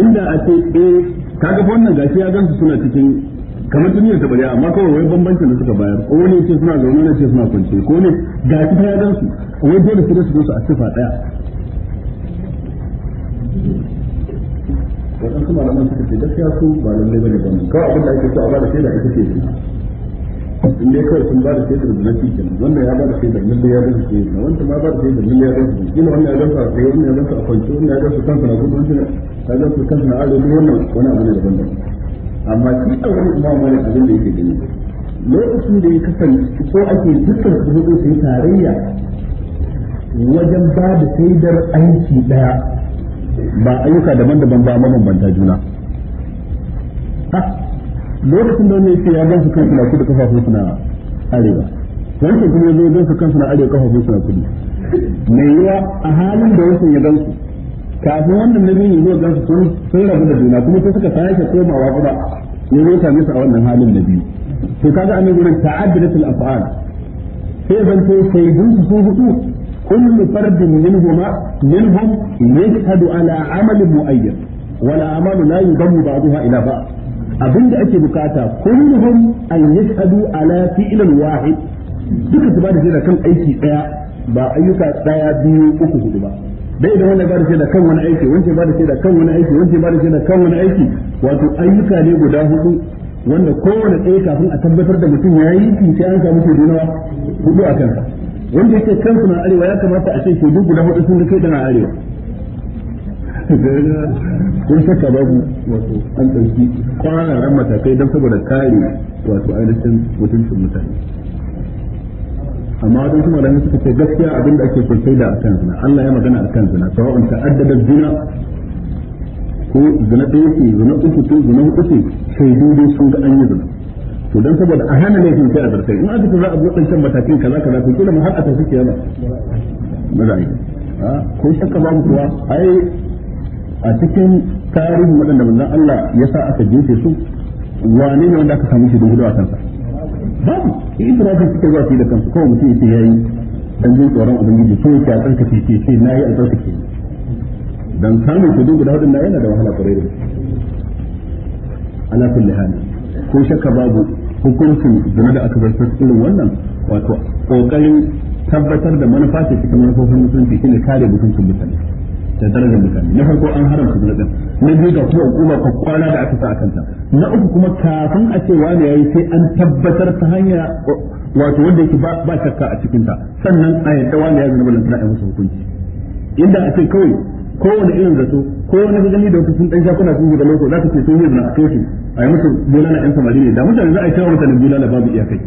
inda a ce eh kaga wannan gashi ya gansu suna cikin kamar duniyar ta bariya amma kawai wani bambancin da suka bayar ko wani ce suna zaune na ce suna kwanci ko ne ga shi ta yadan su wai dole su da su a sifa daya wadansu malaman suka ce gaskiya su ba lallai bane bane kawai abin da ake so a bada shaida ita ce su in dai kawai sun da nafi wannan ya da da ya da ke wanda ma ya wannan ya a wannan ya wannan ya wannan ya wannan amma shi a wani imam da abin da yake gani lokacin da ya kasance ko ake dukkan su hudu sai tarayya wajen ba da saidar aiki daya ba ayyuka daban-daban ba mabambanta juna lokacin da wani yake ya gan su kansu na kudu kafafun suna arewa wancan kuma ya zo gan su kansu na arewa kafafun suna kudu mai yiwa a halin da wasu ya gan su kafin wannan na biyu zuwa gansu sun sun rabu da juna kuma sai suka sake komawa kuma ne zai same su a wannan halin na biyu to kaga anan gurin ta'addatul af'al sai ban to sai dun su hudu kullu fardin minhuma minhum yashhadu ala amalin mu'ayyan wala amalu la yudammu ba'daha ila ba'd abinda ake bukata kulluhum an yashhadu ala fi'lin wahid duka su ba da kan aiki daya ba ayyuka daya biyu uku hudu ba dai idan wanda ba da shaida kan wani aiki wancan ba da shaida kan wani aiki wancan ba da shaida kan wani aiki wato ayyuka ne guda hudu wanda kowane ɗaya kafin a tabbatar da mutum ya yi shi an samu ke dunawa hudu a kansa wanda yake kan na arewa ya kamata a ce shaidu guda hudu sun kai dana arewa kun saka babu wato an ɗauki kwararan matakai don saboda kare wato ainihin mutuncin mutane amma don kuma da suka ce gaskiya abin da ake kai da akan zina Allah ya magana akan zina sawa'un ta'addada zina ko zina da yake zina uku ce zina uku ce sai dai sun ga an yi zina to dan saboda a hana laifin sai a zartai in aka za a buɗe kan matakin kaza kaza to kila mu har a tafi kiyama mazai ko shakka babu kuwa ai a cikin tarihin waɗanda manzon Allah ya sa aka jefe su wane ne wanda aka samu shi da gudu a kansa babu idrakin suke zuwa su da kansu kawai mutum yace yayi dan jin tsoron ubangiji ko yake a tsarkake ce ce nayi a tsarkake dan samun kudu guda hudun na yana da wahala kwarai da ala kulli hal ko shakka babu hukuncin zina da aka zartar irin wannan wato kokarin tabbatar da manufa ce cikin manufofin mutunci shine kare mutuncin mutane da darajar mutane na farko an haramta zina din na biyu ga kuma hukuma kwana da aka sa a kanta na uku kuma kafin a ce wani yayi sai an tabbatar ta hanya wato wanda yake ba shakka a cikin ta sannan a yadda wani ya zina balanta na musu hukunci inda a ce kawai kowane irin zato ko wani ga gani da wata sun dan shakuna sun yi da lokaci za ka ce sun yi zina a kai su a yi musu bulala yan samari ne da mutane za a yi cewa mutane bulala babu iyakai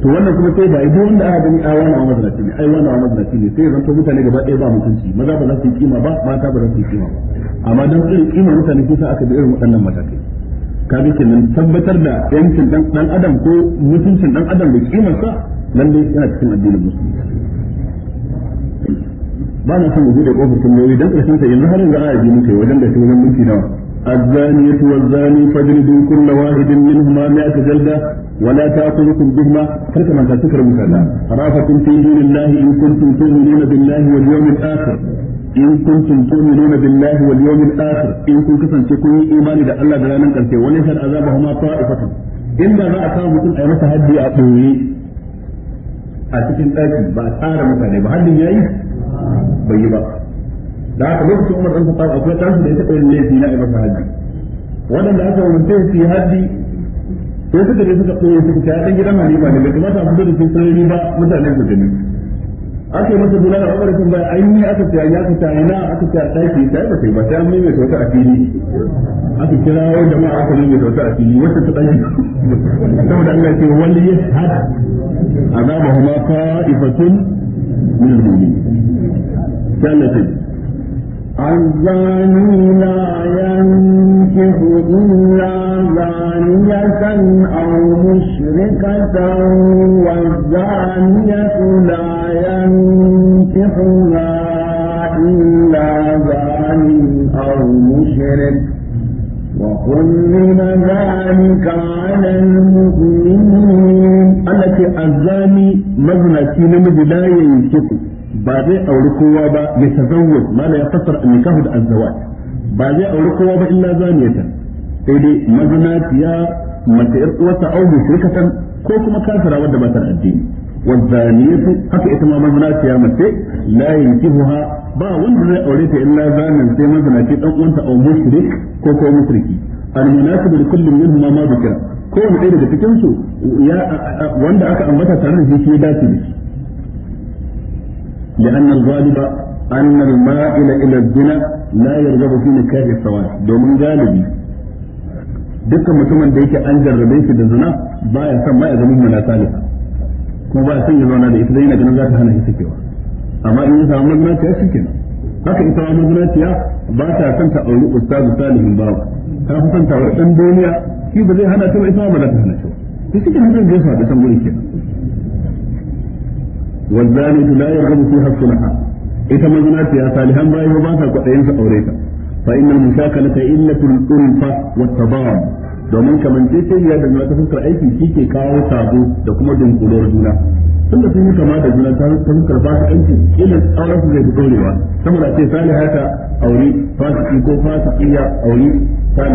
to wannan kuma sai ba idan wanda aka gani ayyana wani amma ne ai wani amma da ne sai zanto mutane gaba ɗaya ba mutunci maza ba za su yi kima ba mata ba za su yi kima ba amma dan irin kima mutane sa aka bi irin waɗannan matakai kaga kenan tabbatar da yankin dan adam ko mutuncin dan adam da kima sa dai yana cikin addinin musulunci ba na son mu bude kofar tambayoyi dan karshen sa yanzu har yanzu ana yi muke wajen da shi wajen mulki nawa الزانية والزاني فاجلدوا كل واحد منهما مئة جلدة ولا تأخذكم بهما حتى ما تذكر مثلا في دين الله إن كنتم تؤمنون بالله واليوم الآخر in kuntum kasance kun imani da Allah da ranar karshe wani san azaba za a kawo mutum a masa haddi a a cikin ɗaki ba a mutane yayi yi ba da haka lokacin Umar dan a akwai tashi da ya taɓa yin laifi na masa waɗanda aka umarce su yi haji sai suka suka gidan Hanifa ne bai kamata a da sun sarari ba mutane su aka yi masa a ɓarfin bai an yi aka ta ya ta ina aka ta ɗaki ta yi ba sai ba sai an mai wata a fili aka kira wai jama'a aka mai wata a fili wata ta ɗaki saboda Allah ce wani ya hada kuma ka ifatun min al-mu'minin الزاني لا ينكح إلا زانية أو مشركة والزانية لا ينكحها إلا زاني أو مشرك وحرم ذلك على ba zai auri kowa ba ya tazawwaj mala ya fassara nikahu da azzawaj ba zai auri kowa ba illa zaniyatan sai dai mazinaciya mace yar uwarta au mushrikatan ko kuma kafira wadda ba ta addini wazaniyatu haka ita ma mazinaciya mace la yankihuha ba wanda zai aure ta illa zanin sai mazinaci dan uwanta au mushrik ko ko mushriki المناسب لكل ma ما ذكر كون ɗaya daga cikin su ya wanda aka ambata tare da shi shi dace da shi لأن الغالب أن المائل إلى الزنا لا يرغب في نكاح السواد دومن غالبي dukkan mutumin da yake an jarrabe shi da zina ba ya son ma ya zama mana salisa kuma ba ya son ya zauna da ita dai yana ganin za ta hana shi sakewa amma in ya samu mazinaciya shi kenan haka ita ma mazinaciya ba ta son ta auri ustazu salihin bawa ta fi son ta wa dan duniya shi ba zai hana ta ba ita ma ba za ta hana shi ba shi cikin hakan zai faɗi san gurin kenan والزانية لا يرغب فيها الصلحة إذا ما زنات يا صالحا ما يهباك قطعين فأوريك فإن المشاكلة إلة الألفة والتضام domin kamanceceniya da juna ta fuskar aiki shi ke kawo sabo da kuma dunkulowar juna tun da sun yi kama da juna ta fuskar ba su aiki ilin auren su zai fi dorewa saboda ce saliha ta aure fasiki ko fasiki ya aure ta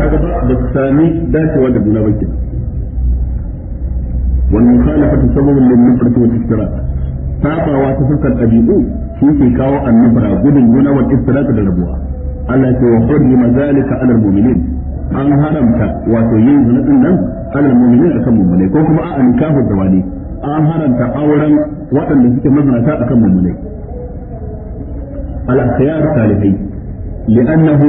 kaga ba su sami dacewa da juna ba والمخالفة سبب للنفرة والافتراء saba wa ta fuskar ɗabi'u shi ke kawo annabara gudun guna wal istiraka da rabuwa Allah ce wa hurrima an haramta wato yin zina nan alal akan mu'minai ko kuma a nikahu zawani an haramta auren waɗanda suke mazinata akan mu'minai al akhyar salihai li'annahu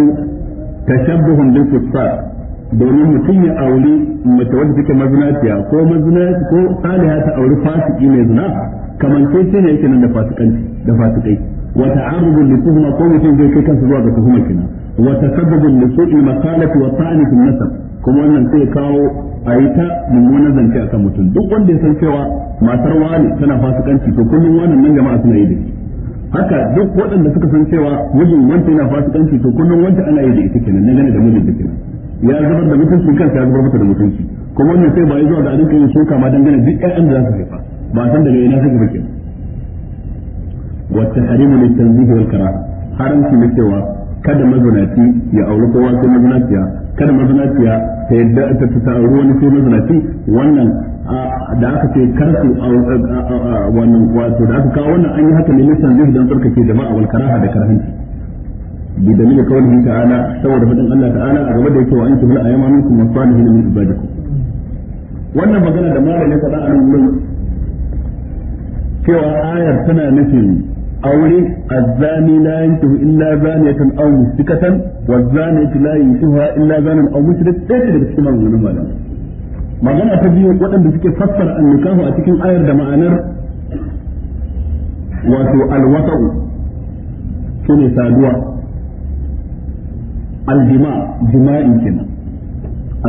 tashabbuhun bil kuffar domin mutum ya auri mace wadda take mazinaciya ko mazinaci ko saliha ta auri fasiki mai zina kamar sai sai ne yake nan da fasikanci da fasikai wa ta'arrudun li tuhuma ko mutum zai kai kansa zuwa ga tuhuma kina wa tasabbabun li su'i maqalati wa ta'ani fil nasab kuma wannan sai kawo a yi ta mummunan zance akan mutum duk wanda ya san cewa matar wani tana fasikanci to kullum wannan nan jama'a suna yi da shi haka duk waɗanda suka san cewa mijin wanda yana fasikanci to kullum wanda ana yi da ita kenan na gane da mijin da kenan ya zubar da mutunci kansa ya zubar mata da mutunci kuma wannan sai ba ya zuwa da arinka yin soka ma dangane duk ƴaƴan da za su haifa ba san daga ina suka bakin wata harimu ne tanzihi wal kara haramci ne cewa kada mazinaci ya auri kowa sai mazinaciya kada mazinaciya ta yadda ta ta taru wani sai mazinaci wannan da aka ce kar su wannan wato da aka kawo wannan an yi haka ne lissan zai don tsarkake jama'a wal karaha da karhanci bi dalilin kawai ta'ala saboda fadin Allah ta'ala a game da yake wa antum la aymanukum wa salihin min ibadikum wannan magana da mara faɗa a nan cewa ayar tana nufin aure azzani la yankihu illa zaniyatan aw mushrikatan wa zaniyatu la yankihuha illa zanan aw mushrik sai cikin maganganun malam magana ta biyu waɗanda suke fassara annikahu a cikin ayar da ma'anar wato alwasa'u shine saduwa aljima دماء كنا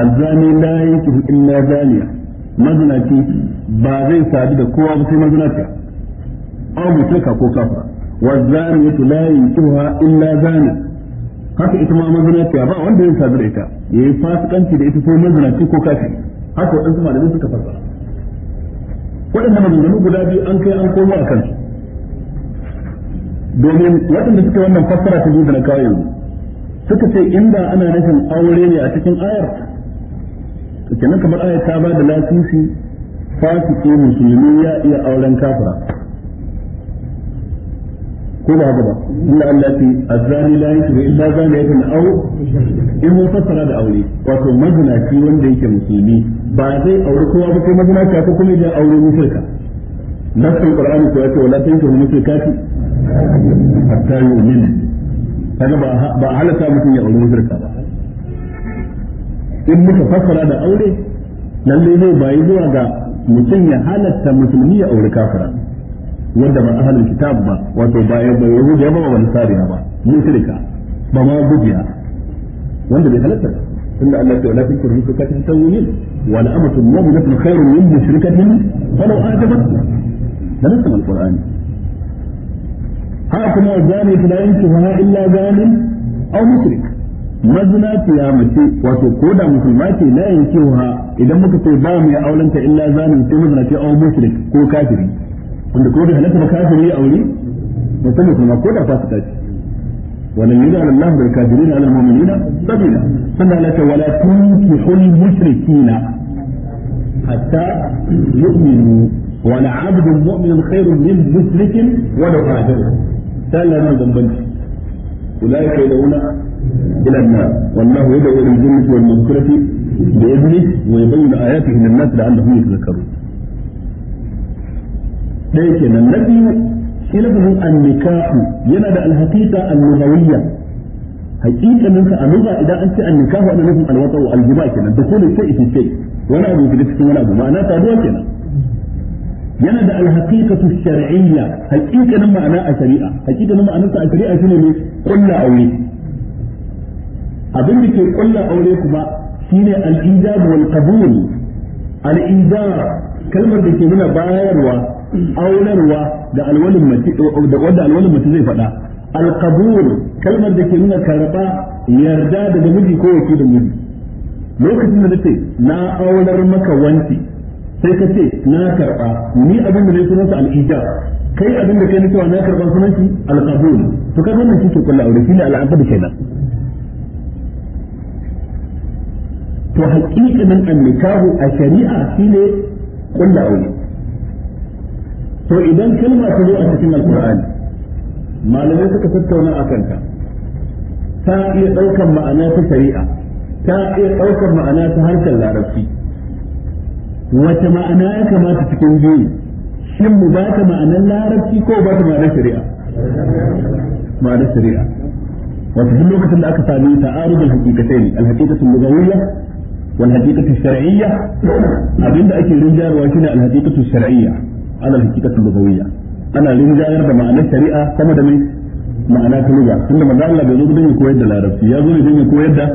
الزاني لا yankihu illa zaniya mazinaci ba zai sadu da kowa أو sai mazinaci aw musulka ko kafara wa zaniyatu illa zani haka ita ma mazinaci ba wanda zai sadu da ita yi fasikanci da ita ko mazinaci ko kafiri haka wadansu malamai suka guda an kai an komo a kansu domin waɗanda suke wannan fassara ta zuwa na kawai yanzu suka ce inda ana nufin aure ne a cikin ayar kenan kamar ayar ta ba da lasisi fasiki musulmi ya iya auren kafira ko ba haka ba inda Allah ce azzani la yashru illa zaniyatan aw in fassara da aure wato mazinaci wanda yake musulmi ba zai aure kowa ba sai mazinaci ko kuma da aure mushrika nasu qur'ani ko yace wala mun tankihu mushrikati hatta yu'minu kaga ba ba halatta mutum ya aure mushrika ba in muka fassara da aure lalle zai bayi zuwa ga mutum ya halatta musulmi ya aure kafira wanda ba ahalin kitab ba wato ba ya ba yahudiya ba ba nasariya ba mushrika ba ma gudiya wanda bai halatta ba tunda Allah ta wala fikru mushrikatin tawil wala amatu mu'minatin khairun min mushrikatin walau ajabat da nasu alqur'ani haka kuma zani ta yanki wa illa zanin aw mushrik ya mace wato ko da musulma ce la yankiwa idan muka ce ba mu ya aulanta illa zanin sai mazinaci aw mushrik ko kafiri wanda ko da halatta kafiri ya aure mutum musulma ko da fasika ce ولن يجعل الله للكافرين على المؤمنين سبيلا ثم لك ولا تنكحوا المشركين حتى يؤمنوا ولعبد مؤمن خير من مشرك ولو هاجره ta Allah yana bambanci ulaika yad'una ila an-nar wallahu yad'u ila al-jannati wal maghfirati bi idnihi wa yubayyinu ayatihi lin-nas la'allahum yatadhakkarun dai kenan na biyu shi lafazin an yana da al-haqiqa al-lughawiyya haqiqanin idan an ce an-nikahu ana nufin al-wata'u al-jima' kenan da wani abu cikin wani abu ma'ana saduwa kenan yana da alhaqiqatu shar'iyya haqiqanin ma'ana a shari'a haqiqanin ma'anar sa a shari'a shine ne kullu aure abin da ke kullu aure kuma shine al-ijab wal qabul al-ijab kalmar da ke nuna bayarwa aurarwa da alwalin mace da wanda alwalin mace zai faɗa al-qabul kalmar da ke nuna karba yarda da miji ko wakilin miji lokacin da nace na aurar maka wanti sai ka ce na karɓa ni abin da ne sunan sa al kai abin da kai ne cewa na karba sunan shi al-qabul to kaga wannan shike kullu aure shi ne al-abd kenan to haƙiƙanin annikahu a shari'a ne kullu aure to idan kalma ta zo a cikin alqur'ani malamai suka tattauna a kanta ta iya ɗaukar ma'ana ta shari'a ta iya ɗaukar ma'ana ta harshen larabci wata ma'ana ya kamata cikin biyu shin mu ba ta ma'anar larabci ko ba ta ma'anar shari'a ma'anar shari'a wato duk lokacin da aka sami ta'arudul haqiqatayn al-haqiqatu al-lughawiyya wal haqiqatu shar'iyya abinda ake rinjarwa shine al-haqiqatu shar'iyya ala al-haqiqatu al-lughawiyya ana rinjayar da ma'anar shari'a sama da mai ma'ana ta lugha tunda manzo Allah bai zo don ya koyar da larabci ya zo ne don ya koyar da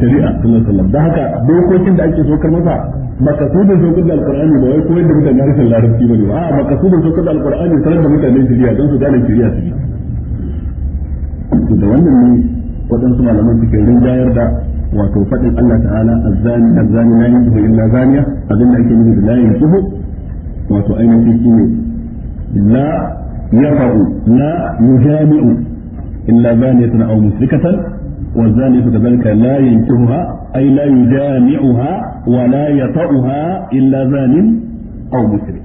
shari'a sallallahu alaihi wasallam da haka dokokin da ake so kar masa makasudin saukar da alkur'ani ba wai koyar da mutane rashin larabci ba ne ba a makasudin saukar da alkur'ani sanar da mutane shiriya don su gane shiriya su da wannan ne waɗansu malaman suke rinjayar da wato faɗin Allah ta'ala azzani azzani yin yanzu illa zaniya abin da ake nufi da la yanzu wato ainihin shi ne la yafa'u la yujami'u illa zaniyatan aw musrikatan والزانية كذلك لا ينكحها أي لا يجامعها ولا يطأها إلا زان أو مشرك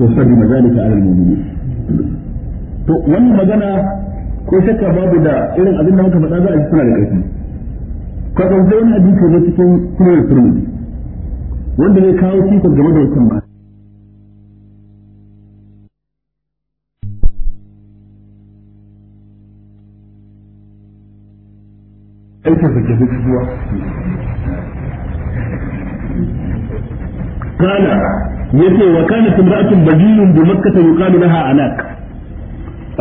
وحرم ذلك على المؤمنين to wannan magana ko shakka babu da irin abin da muka faɗa za a ji suna da ƙarfi ka ɗauke wani hadisi na cikin sunan turmi wanda ne kawo cikin game da wasan ba aikin sa ke duk zuwa kana yace wa kana timra'atun bajilun bi makkah yuqalu laha anak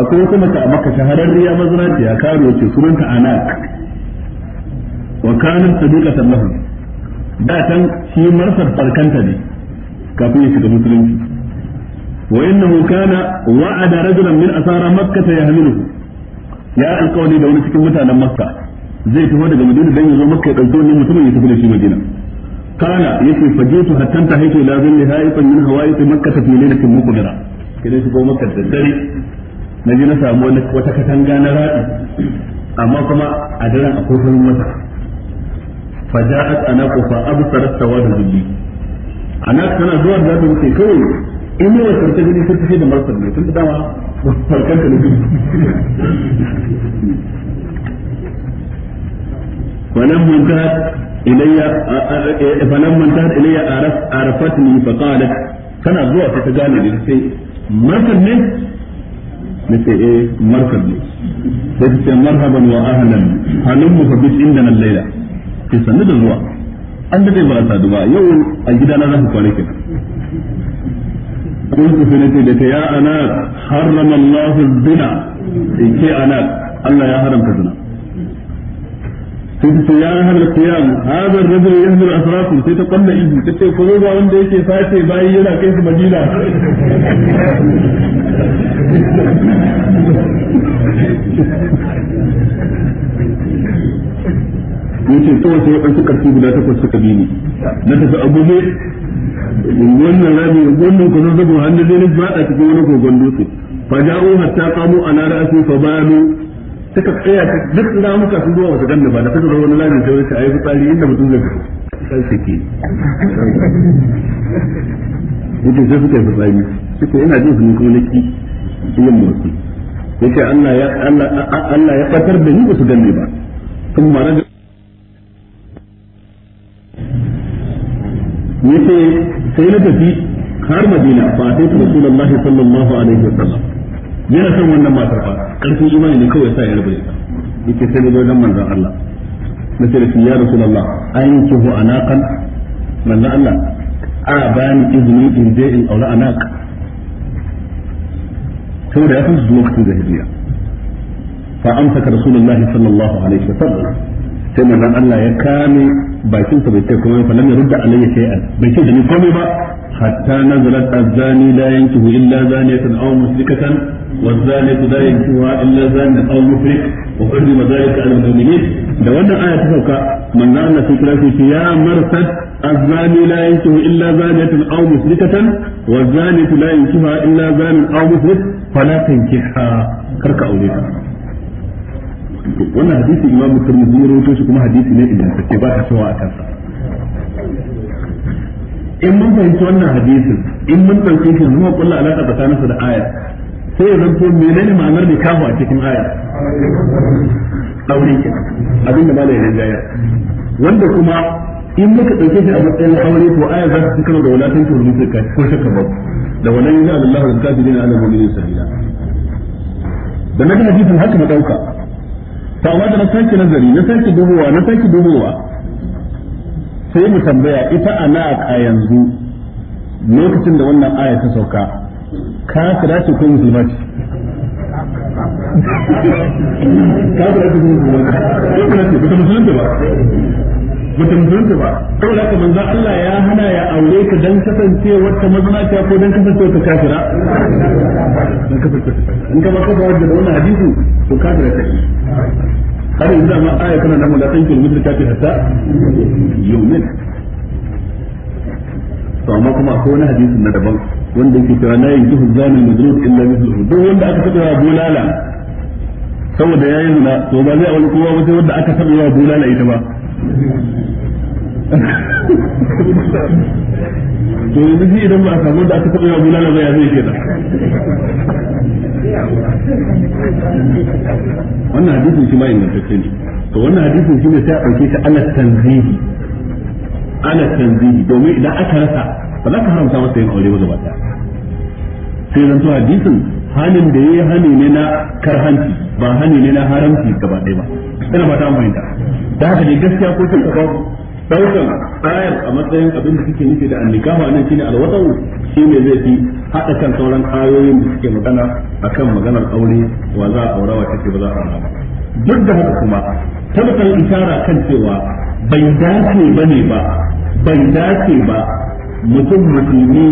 akwai wata mace a makka shahararriya mazraciya karo ce sunanta anak wa kana da tan shi marsar farkanta ne kafin ya shiga musulunci wa innahu kana wa'ada min asara makkah yahmiluhu ya alƙawari da wani cikin mutanen makka zai taho daga madina dan ya zo makka ya dauko ne mutumin ya tafi da shi madina kana yace fajitu hatta ta haitu la zalli haifan min hawaiti makka ta fili da kin mukudira kidan shi ko makka da dare na ji na samu wata katanga na radi amma kuma a daren akwai farin wata faja'at anaqu fa absarat tawadu billi anak tana zuwa da ta wuce kai, in yi wasu ta gani sai ta da marsa ne tun da dama farkanta ne فلما انتهت إلي عرفتني فقالت كان zuwa sai ta gane ni sai markan ne na ce eh markan ne sai ta ce marhaban wa ahlan halin mu fabit inda nan laila ki sanni da zuwa an da ba ta duba yau a gidana za ku ce da ta ya ana zina ana Allah ya haramta zina sai ta ya ahal qiyam hadha ar-rajul yahmil asrakum sai ta kalla ihu ta ce ko ba wanda yake sace bayi yana kai su madina yace to sai ya ɗauki karfi guda takwas suka bi ni na tafi abuja wannan rami wannan kuma zabo hannu ne ba a cikin wani dutse fa ja'u hatta qamu ala ra'si fa suka tsaya duk da muka sun zuwa wasu ganni ba da suka zo wani lamin sai wace ayi fitsari inda mutum zai fito sai su ke yake sai suka yi fitsari suka ina jin sunan kuma naki yin motsi ya ce ya Allah ya fatar da ni ba su ganni ba sun mara da ya ce sai na tafi har Madina fa sai Rasulullahi sallallahu alaihi wasallam yana son wannan matar fa karfin imani ne kawai sa ya rabu ita yake sai da wajen manzon Allah na sai da ya rasulullah an kihu anaqan manzon Allah a bani izini in je in aure anaq saboda ya san su lokacin jahiliya fa amsaka rasulullahi sallallahu alaihi wasallam sai manzon Allah ya kame bakin sa bai ce komai fa lam yurda alayya shay'an bai ce da ni komai ba hatta nazalat azani la yankihu illa zaniyatan aw mushrikatan والزانية لا ينكحها إلا زان أو مشرك وحرم ذلك على المؤمنين da wannan aya ta sauka manzo Allah sai kira shi ya الزاني لا ينكح إلا زانية أو مشركة والزانية لا ينكحها إلا زان أو مشرك فلا تنكحها كرك أوليها wannan hadisi imam tirmidhi ya rawaito shi kuma hadisi ne idan take ba ta cewa a kansa in mun fahimci wannan hadisin in mun alaƙa da sai ya zanto menene ma'anar nikahu a cikin aya aure ke abin da malai ne jaya wanda kuma in muka dauke shi a matsayin aure ko aya za su kama da wulatan ko ka ko shakka ba da wannan yana Allah da kafirin ala mu'minin sabila da na jifin haka na dauka fa amma da na sake nazari na sake dubowa na sake dubowa sai mu tambaya ita ana a yanzu lokacin da wannan aya ta sauka kafira ce ko musulma ce kafira ce ko musulma ce kafira ce bata musulunta ba bata musulunta ba saboda haka manzo Allah ya hana ya aure ka dan kasancewar ta mazinaciya ko dan kasancewar ta kafira dan kasancewar ta in ka ba ka ba da wannan hadisi to kafira ce har yanzu ma aya kana nan da tankin mutunta ta hatta yumin to amma kuma akwai wani hadisin na daban wanda yake cewa la yankihu zani madrud illa mithluhu duk wanda aka saba wa bulala saboda ya yi zina to ba zai aure kowa ba sai wanda aka saba wa bulala ita ba to yanzu shi idan ba a samu da aka taɓa yawa bulala ba ya zai ke da wannan hadisin shi ma ingantacce ne to wannan hadisin shi ne sai a ɗauke ta ala tanzihi ala tanzihi domin idan aka rasa ba za ka haramta masa yin aure ba gaba daya sai zan to hadisin hanin da yayi hani ne na karhanci ba hani ne na haramci gaba ɗaya ba ina ba ta mai da haka ne gaskiya ko kin babu daukan ayar a matsayin abin da kike nufi da annikawa nan shine Shi shine zai fi hada kan sauran ayoyin da suke magana akan maganar aure wa za a aurawa take ba za a aura ba duk da haka kuma tabbatar isara kan cewa bai dace bane ba bai dace ba mutum musulmi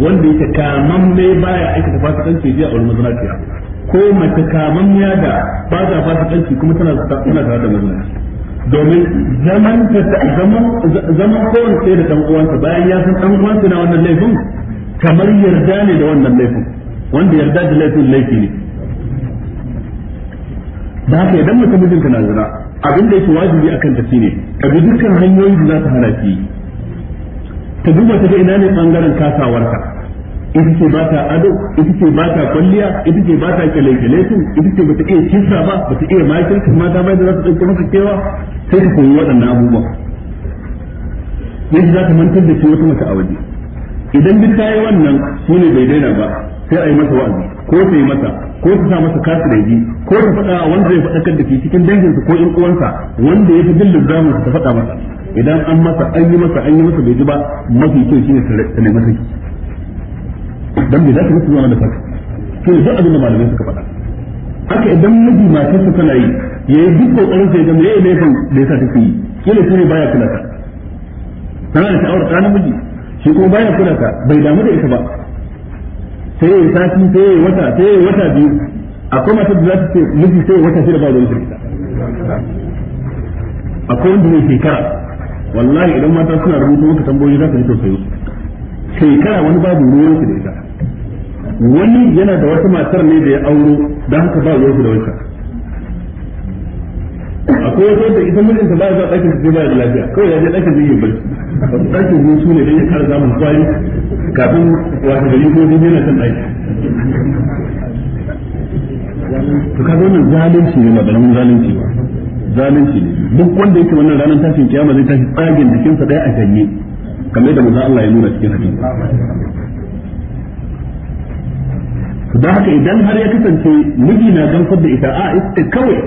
wanda yake kamamme baya aikata fasikanci biya a wani mazinaciya ko mace kaman ya da ba ta fasikanci kuma tana tana tare da mazinaci domin zaman zaman zaman kowane sai da dan uwansa bayan ya san dan uwansa na wannan laifin kamar yarda ne da wannan laifin wanda yarda da laifin laifi ne da haka idan mutum mijinka na zina abin da yake wajibi akan ta shine ka bi dukkan hanyoyin da za ta hana ki ta duba ta ga ina ne bangaren kasawarka ita ce ba ta ado ita ce ba ta kwalliya ita ce ba ta kyale-kyale su ita ce ba ta iya kisa ba ba ta iya makirkin mata bai da za ta ɗauke masa kewa sai ta koyi waɗannan abubuwa yadda za ta mantar da shi wata mata a waje idan duk ta yi wannan sune bai daina ba sai a yi masa wa'azi ko su yi masa ko ta sa masa kasireji ko ta faɗa wanda zai faɗakar da ke cikin danginsa ko ƴan uwansa wanda ya fi dillin zamu ta faɗa masa idan an masa an yi masa an yi masa bai ji ba mafi kyau shine ta nemi saki dan bai dace musu zama da fata to duk abin da malamai suka faɗa haka idan miji matar sa tana yi ya yayi duk kokarin sa ya ga me ne kan da yasa take yi kila shine baya kula ta tana da sha'awar ta miji. shi kuma baya kula ta bai damu da ita ba sai ya sati sai ya wata sai ya wata biyu akwai matar da za ta ce miji sai ya wata shida ba da ita akwai wanda ne shekara wallahi idan mata suna rubuta maka tambayoyi za ka ji tausayin su shekara wani babu ruwan su da ita wani yana da wata matar ne da ya auro don haka ba ruwan su da wanka akwai wata da ita mijinta ba ya ɗakin su ba da lafiya kawai ya je ɗakin zai yi barci ɗakin mun su ne don ya kara samun kwari kafin wata gari ko jini yana kan ɗaki to kaga wannan zalunci ne ba da zalunci ba zalunci ne duk wanda yake wannan ranar tashin kiyama zai tashi tsagen sa daya a shanye kamar da manzo Allah ya nuna cikin hadisi da haka idan har ya kasance miji na gamsar da ita a ita kawai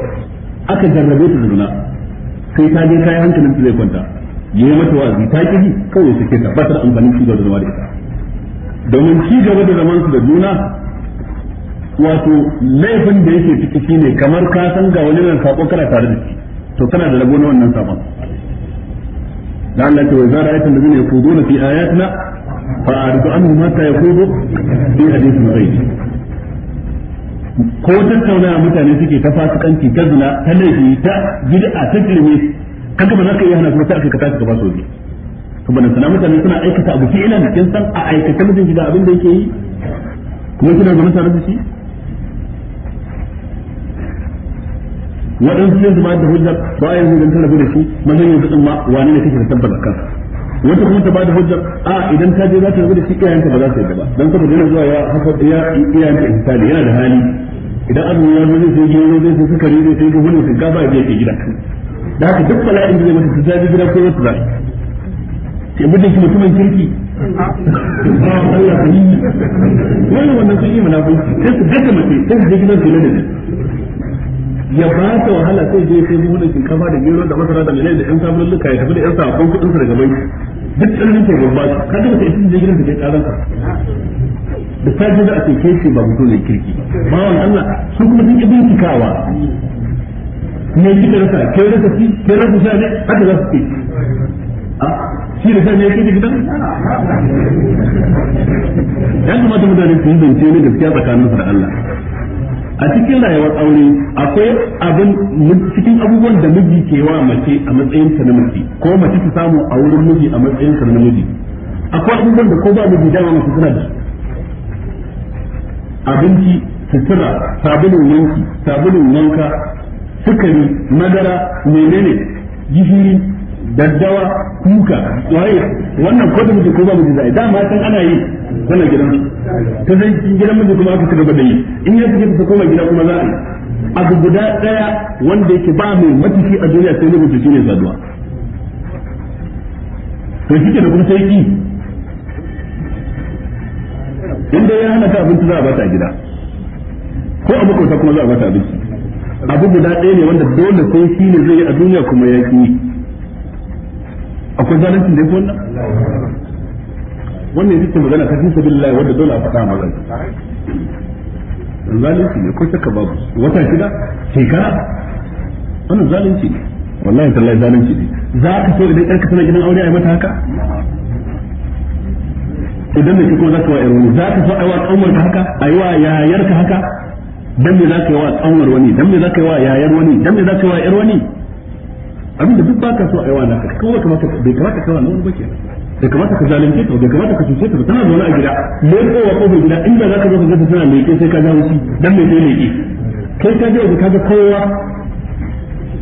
aka jarrabe ta zuna sai ta je kai hankalin ta zai kwanta yi mata wazi ta ki kawai take ta ba ta da amfanin ci da zama da ita domin ci gaba da zaman su da juna wato laifin da yake ciki shine kamar ka san ga wani nan sako kana tare da shi to kana da rabo na wannan sabon da Allah ta wazara ayatan da zai yaquduna fi ayatina fa aridu anhum hatta yaqudu fi hadithin ghayr ko a mutane suke ta fasikanci ta zina ta laifi ta gida a ta tilmi kan ba za ka iya hana kuma sai aka kata ka ba su ne to bana sana mutane suna aikata abu fi'ilan kin san a aikata mutum ga abin da yake yi kuma kina zama tare da shi waɗansu ne su bayar da hujjar bayan hujjar tana da shi mazan yanzu din ma wani ne kake da tabbata kansa wata kuma ta bada hujjar a idan ta je za ta rabu shi iyayenta ba za su yadda ba dan saboda yana zuwa ya haka ya iyayenta in ihsani yana da hali idan azumi ya zo zai sai gero zai sai sukari zai sai gero sai gaba zai ke gida da haka duk bala'in da zai mata su zabi gida ko wata za sai mutum mutumin kirki wannan wannan sun yi munafiki sai su daka mace sai su je gidan su ladabi ya ba ta wahala sai je sai buhunan shinkafa da gero da masara da milai da yan sabon luka ya tafi da yan sabon kuɗin su daga banki duk tsananin ta babba ka duka sai tun je gidan da ke karan ka da ta ji da ake ke shi ba mutum ne kirki bawan Allah su kuma sun ki bincikawa ne kika rasa ke rasa ki ke rasa sha ne haka za su ce a shi da sha ne yake da gidan ya kamata mutane su yi bincike ne gaskiya su da Allah a cikin rayuwar aure akwai abin cikin abubuwan da miji ke wa mace a matsayin ta na miji ko mace ta samu a wurin miji a matsayin ta na miji akwai abubuwan da ko ba miji dama mace suna da abinci sutura sabulun yanki sabulun yanka sukari madara menene gishiri daddawa kuka waye wannan ko da mutum ko ba mutum zai dama san ana yi wannan gidan ta zai cikin gidan mutum kuma aka cigaba da yi in ya fita ta koma gida kuma za a yi abu guda daya wanda yake ba mai matuki a duniya sai mutum shine zaduwa to shi da kuma sai ki inda ya hana ta abinci za a bata gida ko ko ta kuma za a bata abinci abu guda ɗaya ne wanda dole sai shine zai yi a duniya kuma ya ki akwai zalunci da yake wannan wannan yake magana ta fisa billahi wanda dole a faɗa magana zalunci ne ko saka babu wata shida shekara wannan zalunci ne wallahi tallahi zalunci ne za ka so idan karka tana gidan aure a yi mata haka idan da kuma za ka wa wani za ka so a yi wa kanwar ka haka a yi wa yayar ka haka dan me za ka yi wa kanwar wani dan me za ka yi wa yayar wani dan me za ka yi wa yar wani abinda duk baka so a yawa kai kuma kamata bai kamata ka wani ba kenan bai kamata ka zalunce ta bai kamata ka cuce ta ba tana zaune a gida leƙowa ko gida inda za ka zo ka gasa tana ke sai ka ja wuci dan mai sai ke kai ka je waje ka ga kowa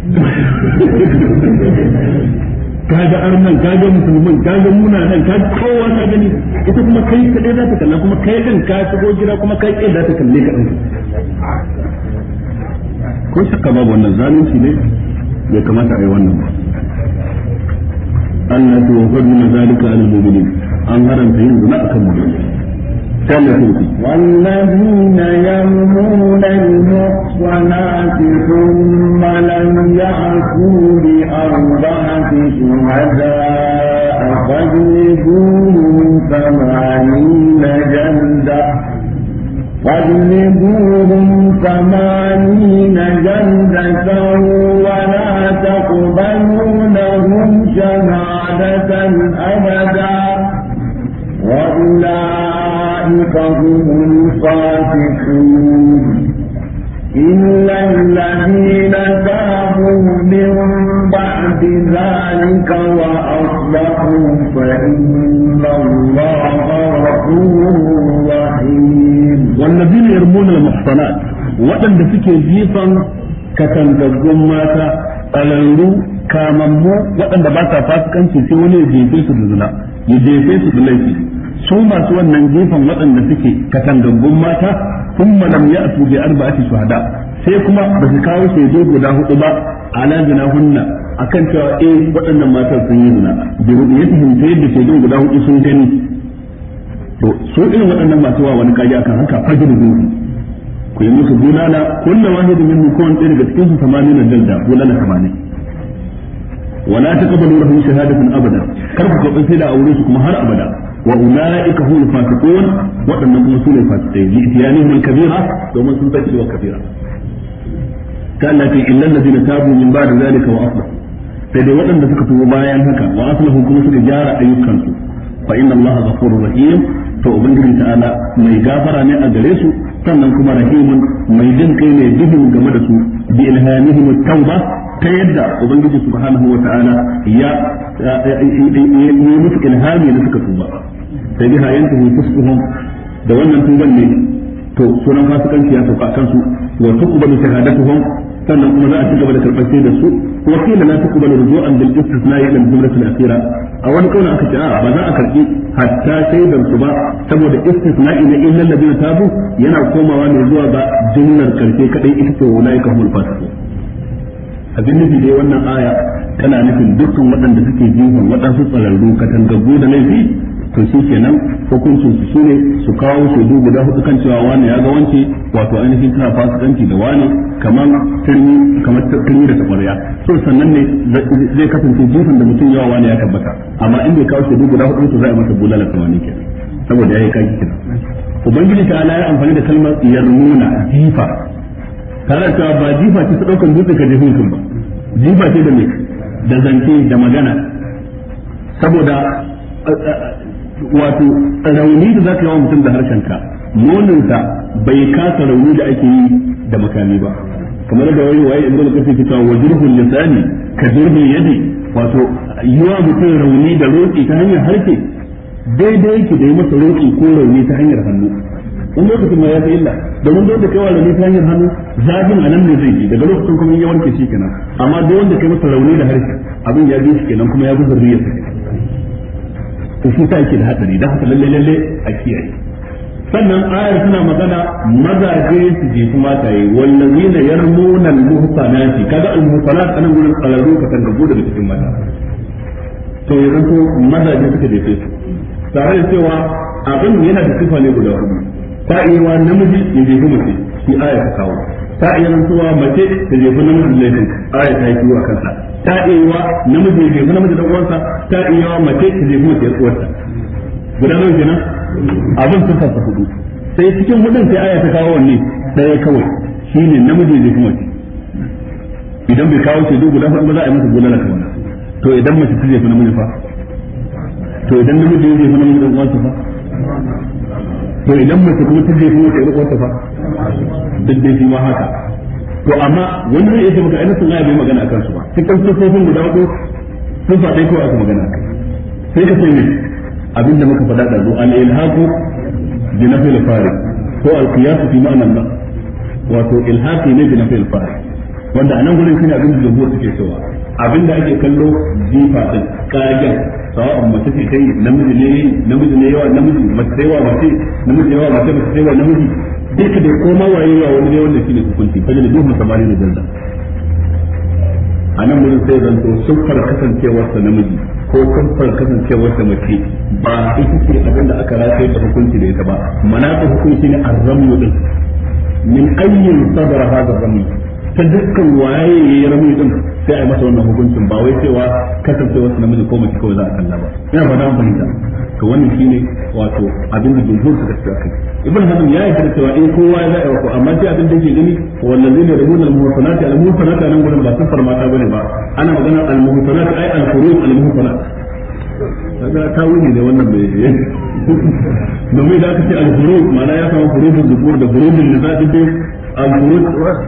ka ga arman ka ga musulman ka ga muna nan ka kowa ka gani ita kuma kai kaɗai za ta kalla kuma kai ɗin ka shigo gida kuma kai ɗin za ta kalle ka ɗin ko shakka babu wannan zalunci ne ya kamata a yi wannan ba an ya wa na zalika a mu'minin an haramta yin zina kan mu'minin والذين يرمون المحصنات ثم لم يعفوا بأربعة شهداء فاجلدوهم ثمانين جلدة فاجلدوهم ثمانين فهم الفاسقون إلا الذين تابوا من بعد ذلك وأصلحوا فإن الله غفور رحيم والذين يرمون المحصنات وأن تفكر جيفا كتنجزهم ماتا ƙararru kamammu waɗanda ba sa fasikanci sai wani ya jefe su da zina ya jefe su da laifi su masu wannan gefen waɗanda suke katangangun mata sun kuma lam ya'tu bi su hada sai kuma ba su kawo shaidu guda hudu ba ala a kan cewa eh waɗannan matan sun yi zina bi ru'yatihim ta yadda shaidun guda hudu sun gani to su irin waɗannan masu wa wani kaji akan haka fajin zuwa ku yi musu kunna wani da minhum kowanne ɗaya daga cikin su 80 dalda bulala 80 ولا تقبلوا لهم شهادة أبدا كرفوا قبل سيدا kuma هر أبدا wa ulaika hum fasiqun wadannan kuma sune fasikai bi itiyanihim kabira domin sun tafi wa kabira kana ce illa allazina tabu min ba'da zalika wa aslahu sai dai waɗanda suka tuba bayan haka wa aslahu kuma suka gyara ayyukansu fa inna allaha ghafurur rahim to ubangiji ta'ala mai gafara ne a gare su sannan kuma rahimun mai jin kai ne duhun game da su bi ilhamihim tauba ta yadda ubangiji subhanahu wa ta'ala ya ya musu ilhami da suka tuba sai biha yantahu fusuhum da wannan tuban ne to sunan fasikanci ya sauka kansu wa tuqbalu shahadatuhum sannan kuma za a ci gaba da karɓar da su wa qila la tuqbalu ruju'an bil istisna'i ila al al-akhira a wani kauna aka ce a ba za a karɓi hatta da su ba saboda istisna'i na illa alladhina tabu yana komawa ne zuwa ga jumlar karfe kadai ita ce ulaika hul fasiqun abin nufi dai wannan aya tana nufin dukkan waɗanda suke jihun waɗansu tsararru katangaggu da laifi to shi kenan hukuncin su shine su kawo shaidu guda hudu kan cewa wani ya ga wance wato ainihin tana fasikanci da wani kamar turmi kamar turmi da tabarya so sannan ne zai kasance jifin da mutum yawa wani ya tabbata amma in bai kawo su shaidu guda hudu to za a masa bulala tsamani kenan saboda yayi kaki kenan ubangiji ta ala ya amfani da kalmar yarmuna jifa tare da ba jifa ce ta daukan dutse ka jefin kan ba jifa ce da me da zance da magana saboda wato rauni da ka yawa mutum da harshenka noninsa bai kasa rauni da ake yi da makami ba kamar da wani waye ibnu al-qasim ke wa wajruhul lisani ka zurbil yadi wato yiwa mutum rauni da roƙi ta hanyar harshe daidai yake da yi masa roƙi ko rauni ta hanyar hannu in lokacin ma ya fi illa domin wanda kai wa rauni ta hanyar hannu zafin nan ne zai yi daga lokacin kuma yawan ke shi kenan amma da wanda kai masa rauni da harshe abin ya bi shi kenan kuma ya bi zurriyar sa to shi sa yake da hadari dan haka lalle lalle a kiyaye sannan ayar suna magana mazaje su je kuma tayi wallazina yarmuna al-muhsanati kaga al-muhsanat anan gurin kalaru ka tangabu daga cikin mata to yanzu ko mazaje suka je su tare da cewa abin yana da sifa ne guda hudu ta wa namiji ya je mace shi ayar ta kawo ta iya rantsuwa mace ta je namiji laifin aya ta yi kiwo kansa ta iya namiji ya jefi namiji da uwansa ta iya wa mace ta jefi mace ya uwarta guda nan kenan abin sun fasa hudu sai cikin hudun sai aya ta kawo wanne ɗaya kawai shine namiji ya kuma mace idan bai kawo duk guda fa ba za a yi masa gulala kamar to idan mace ta jefi namiji fa to idan namiji ya jefi namiji da uwansa fa to idan mace kuma ta jefi mace da uwarta fa duk dai shi ma haka to amma wani zai iya ce maka ainihin sun bai magana akan su ba cikin sufofin guda ko sun faɗe ko aka magana sai ka sai abinda muka faɗa da zo ilhaku ilhaqu na fi farid ko al qiyas fi ma'na nan wato ilhaki ne bi fi farid wanda a nan gurin ne abin da zuwa suke abin abinda ake kallo jifa din kagen sawa'un mace ce kai namiji ne namiji ne yawa namiji mace ce wa mace namiji yawa mace mace ce namiji duka da koma waye yawa wani ne wanda shine hukunci fajin duhun samari da zarda. a nan wurin sai zan to siffar kasancewarsa namiji ko siffar kasancewarsa mace ba ita ce abin da aka rataye da hukunci da ita ba mana ta hukunci ne a ramu din min ayyin sadara hada ramu ta dukkan waye ya yi rami din sai a yi masa wannan hukuncin ba wai cewa kasance wasu namiji ko mace kawai za a kalla ba ina ba dan fahimta to wannan shine wato abin da jumhur suka ce kai. ibn hazm ya yi hada cewa in kowa ya za'a ko amma sai abin da yake gani ne yarmuna al-muhsanati al-muhsanati nan gurin ba sufar mata bane ba ana magana al-muhsanati ay al-furu al-muhsanati kaga ta wuni da wannan bai domin da aka ce al-furu ma'ana ya samu da zukur da furudun nisa duk al-furud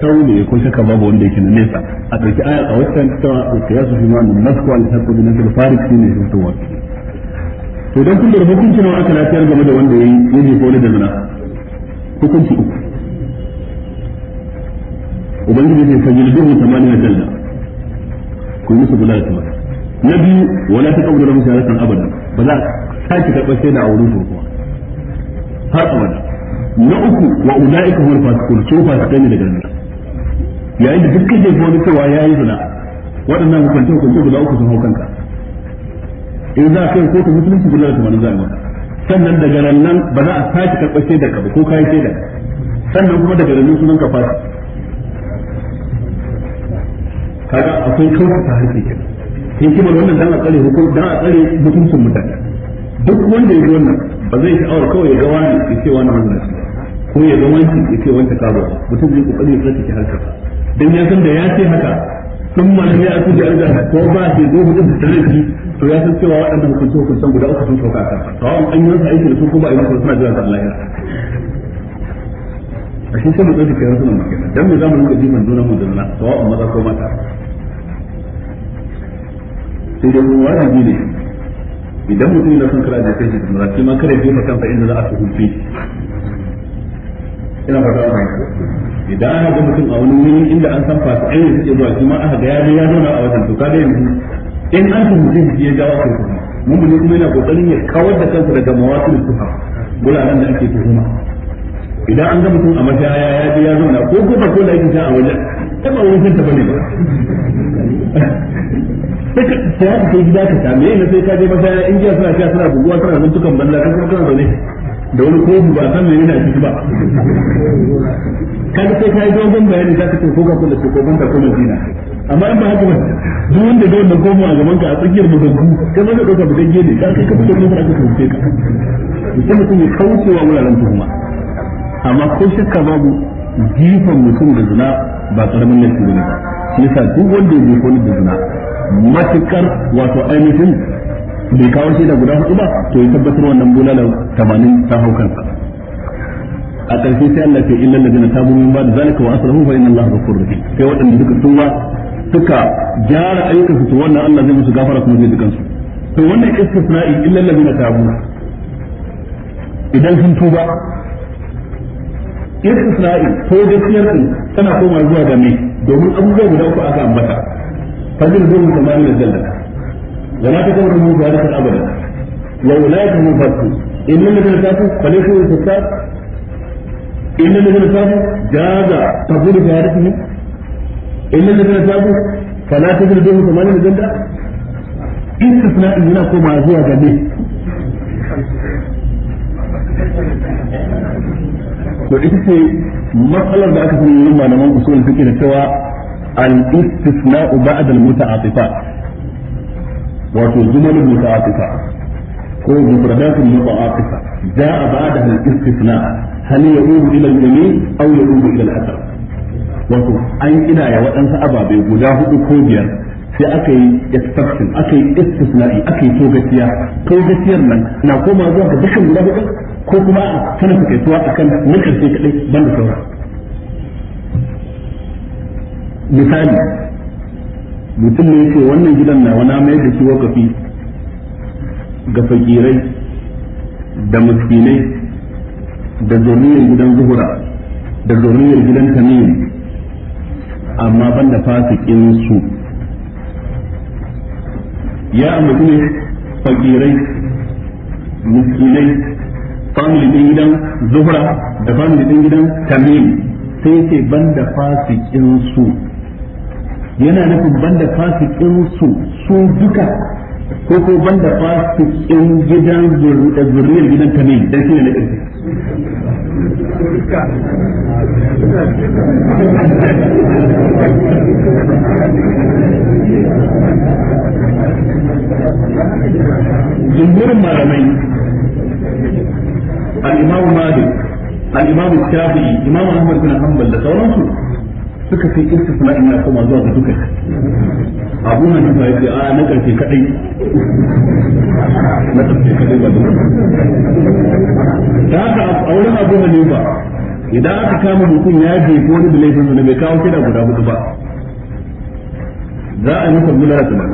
tawli ko shaka wanda yake na nesa a aya a ta qiyasu fi to hukunci aka lafiyar game da wanda yaji ko da zina hukunci uku ubangiji ne fajil dalla ku musu na biyu wala ta ba za ka sake karɓar har abada na uku wa ulaika hum fasiqun su fasikai ne daga nan yayin da dukkan da wani cewa yayi zina waɗannan hukunce hukunce guda uku sun hau kanka in za ka yi ko ka musulunci guda da tamanin zai maka sannan daga nan ba za a sake karɓar shaidar ka ba ko kayi shaidar sannan kuma daga nan sunan ka fasi kaga akwai kyautata harshe kenan hikimar wannan dan a tsare hukum dan a tsare mutuncin mutane duk wanda ya wannan ba zai sha'awar kawai ya ga wani ya ce wani wannan ko ya ga wanki ya ce ka karuwa mutum zai kokari ya tsarkake harka dan ya san da ya ce haka sun ma ne a cikin al'ada ko ba sai zo hudun da shi to ya san cewa waɗannan kun san guda uku sun sauka ka to sawa'un an yi masa aiki da su ko ba a yi masa suna jiran Allah ya a shi sai mu tsarki kiran sunan makina dan mu zamu rinka jiman nuna mu zanna amma maza ko mata sai da mu wajibi ne idan mutum yana son kira da kai shi da mura shi ma kare kan fa inda za a tuhufi ina fata mai idan aka ga mutum a wani wuri inda an san fasa ainihin ke zuwa shi ma aka ga ya ya zauna a wajen to ka da yanzu in an tuhumce mutum ya jawo kai kuma mummuni kuma yana kokarin ya kawar da kansa daga mawatin tuha guraren da ake tuhuma idan an ga mutum a mataya ya je ya zauna ko kuma ko da yake a wajen ta ba wurin ta bane ba sai ka sai ka gida ka me ne sai ka je mataya in jiya suna sha suna buguwa suna zantukan balla kan kuma kana ne da wani kofi ba san mai a ciki ba kaga sai kai dogon bayani zaka ce ko ka kullu ko ban ta ko dina amma in ba haka ba duk wanda da wannan kofi a gaban ka a tsakiyar mudaggu kai ba ka dauka budagge ne ka kai ka fito ne ka ka tuce ka sai mutum ya kauce wa wuraren tuhuma amma ko shakka babu jifan mutum da zina ba karamin laifi ne ba ka duk wanda ya jifo ni da zina matukar wato ainihin bai kawo da guda hudu ba to ya tabbatar wannan bulala tamanin ta hau kansa a ƙarshe sai Allah ce illal ta tabu ba ba'd zalika wa aslahu fa inna Allah ghafurur rahim sai waɗanda suka tuba suka gyara ayyukan su wannan Allah zai musu gafara kuma zai dukan su to wannan istisna'i illal ta tabu idan sun tuba istisna'i ko gaskiyar din tana komawa zuwa ga me domin abubuwa guda uku aka ambata fadil zuwa kamar da jannata ولا تكونوا مباركة أبدا وأولئك هم الفاسقون إن الذين كفروا فليسوا الفساد إن الذين تابوا جاز قبول شهادتهم إن الذين تابوا فلا تجلدوه ثمانية جلدة استثناء هنا كما زوى جميل to ita ce matsalar da aka fi yin malaman usul fiqh da cewa al-istisna'u ba'da al-muta'atifa wato jumal muta'aqiqa ko mufradat muta'aqiqa jaa ba'daha al-istithna hal yaudu ila al-yamin aw yaudu ila al asar. wato an kidaya waɗansu ababe guda hudu ko biyar sai aka yi exception aka yi istisna'i aka yi togaciya togaciyar nan na koma zuwa ga dukkan guda hudu ko kuma tana fakaituwa akan na karshe kadai banda sauran misali mutum ne ce wannan gidan na wani mai da shi wakafi ga fakirai da muskinai da zoniyar gidan zuhura da zoniyar gidan tamim amma ban da fasikin su ya ambaci ne fakirai muskinai family din gidan zuhura da family din gidan tamim sai ce ban da fasikin su yana nufin banda fasikin su su duka ko ko banda fasikin gidan zuriyar eh, gidan tamim dan shi ne na ƙarfi jumhurin malamai al-imamu malik al-imamu shafi'i imamu ahmad bin hanbal da sauransu suka ce istisna ina koma zuwa ga duka abu na nufa ya ce a na karshe kadai na karshe kadai ba duka ta haka a wurin abu na nufa idan aka kama mutum ya je ko wani da laifin zunubi bai kawo kida guda hudu ba za a yi masa gudanar da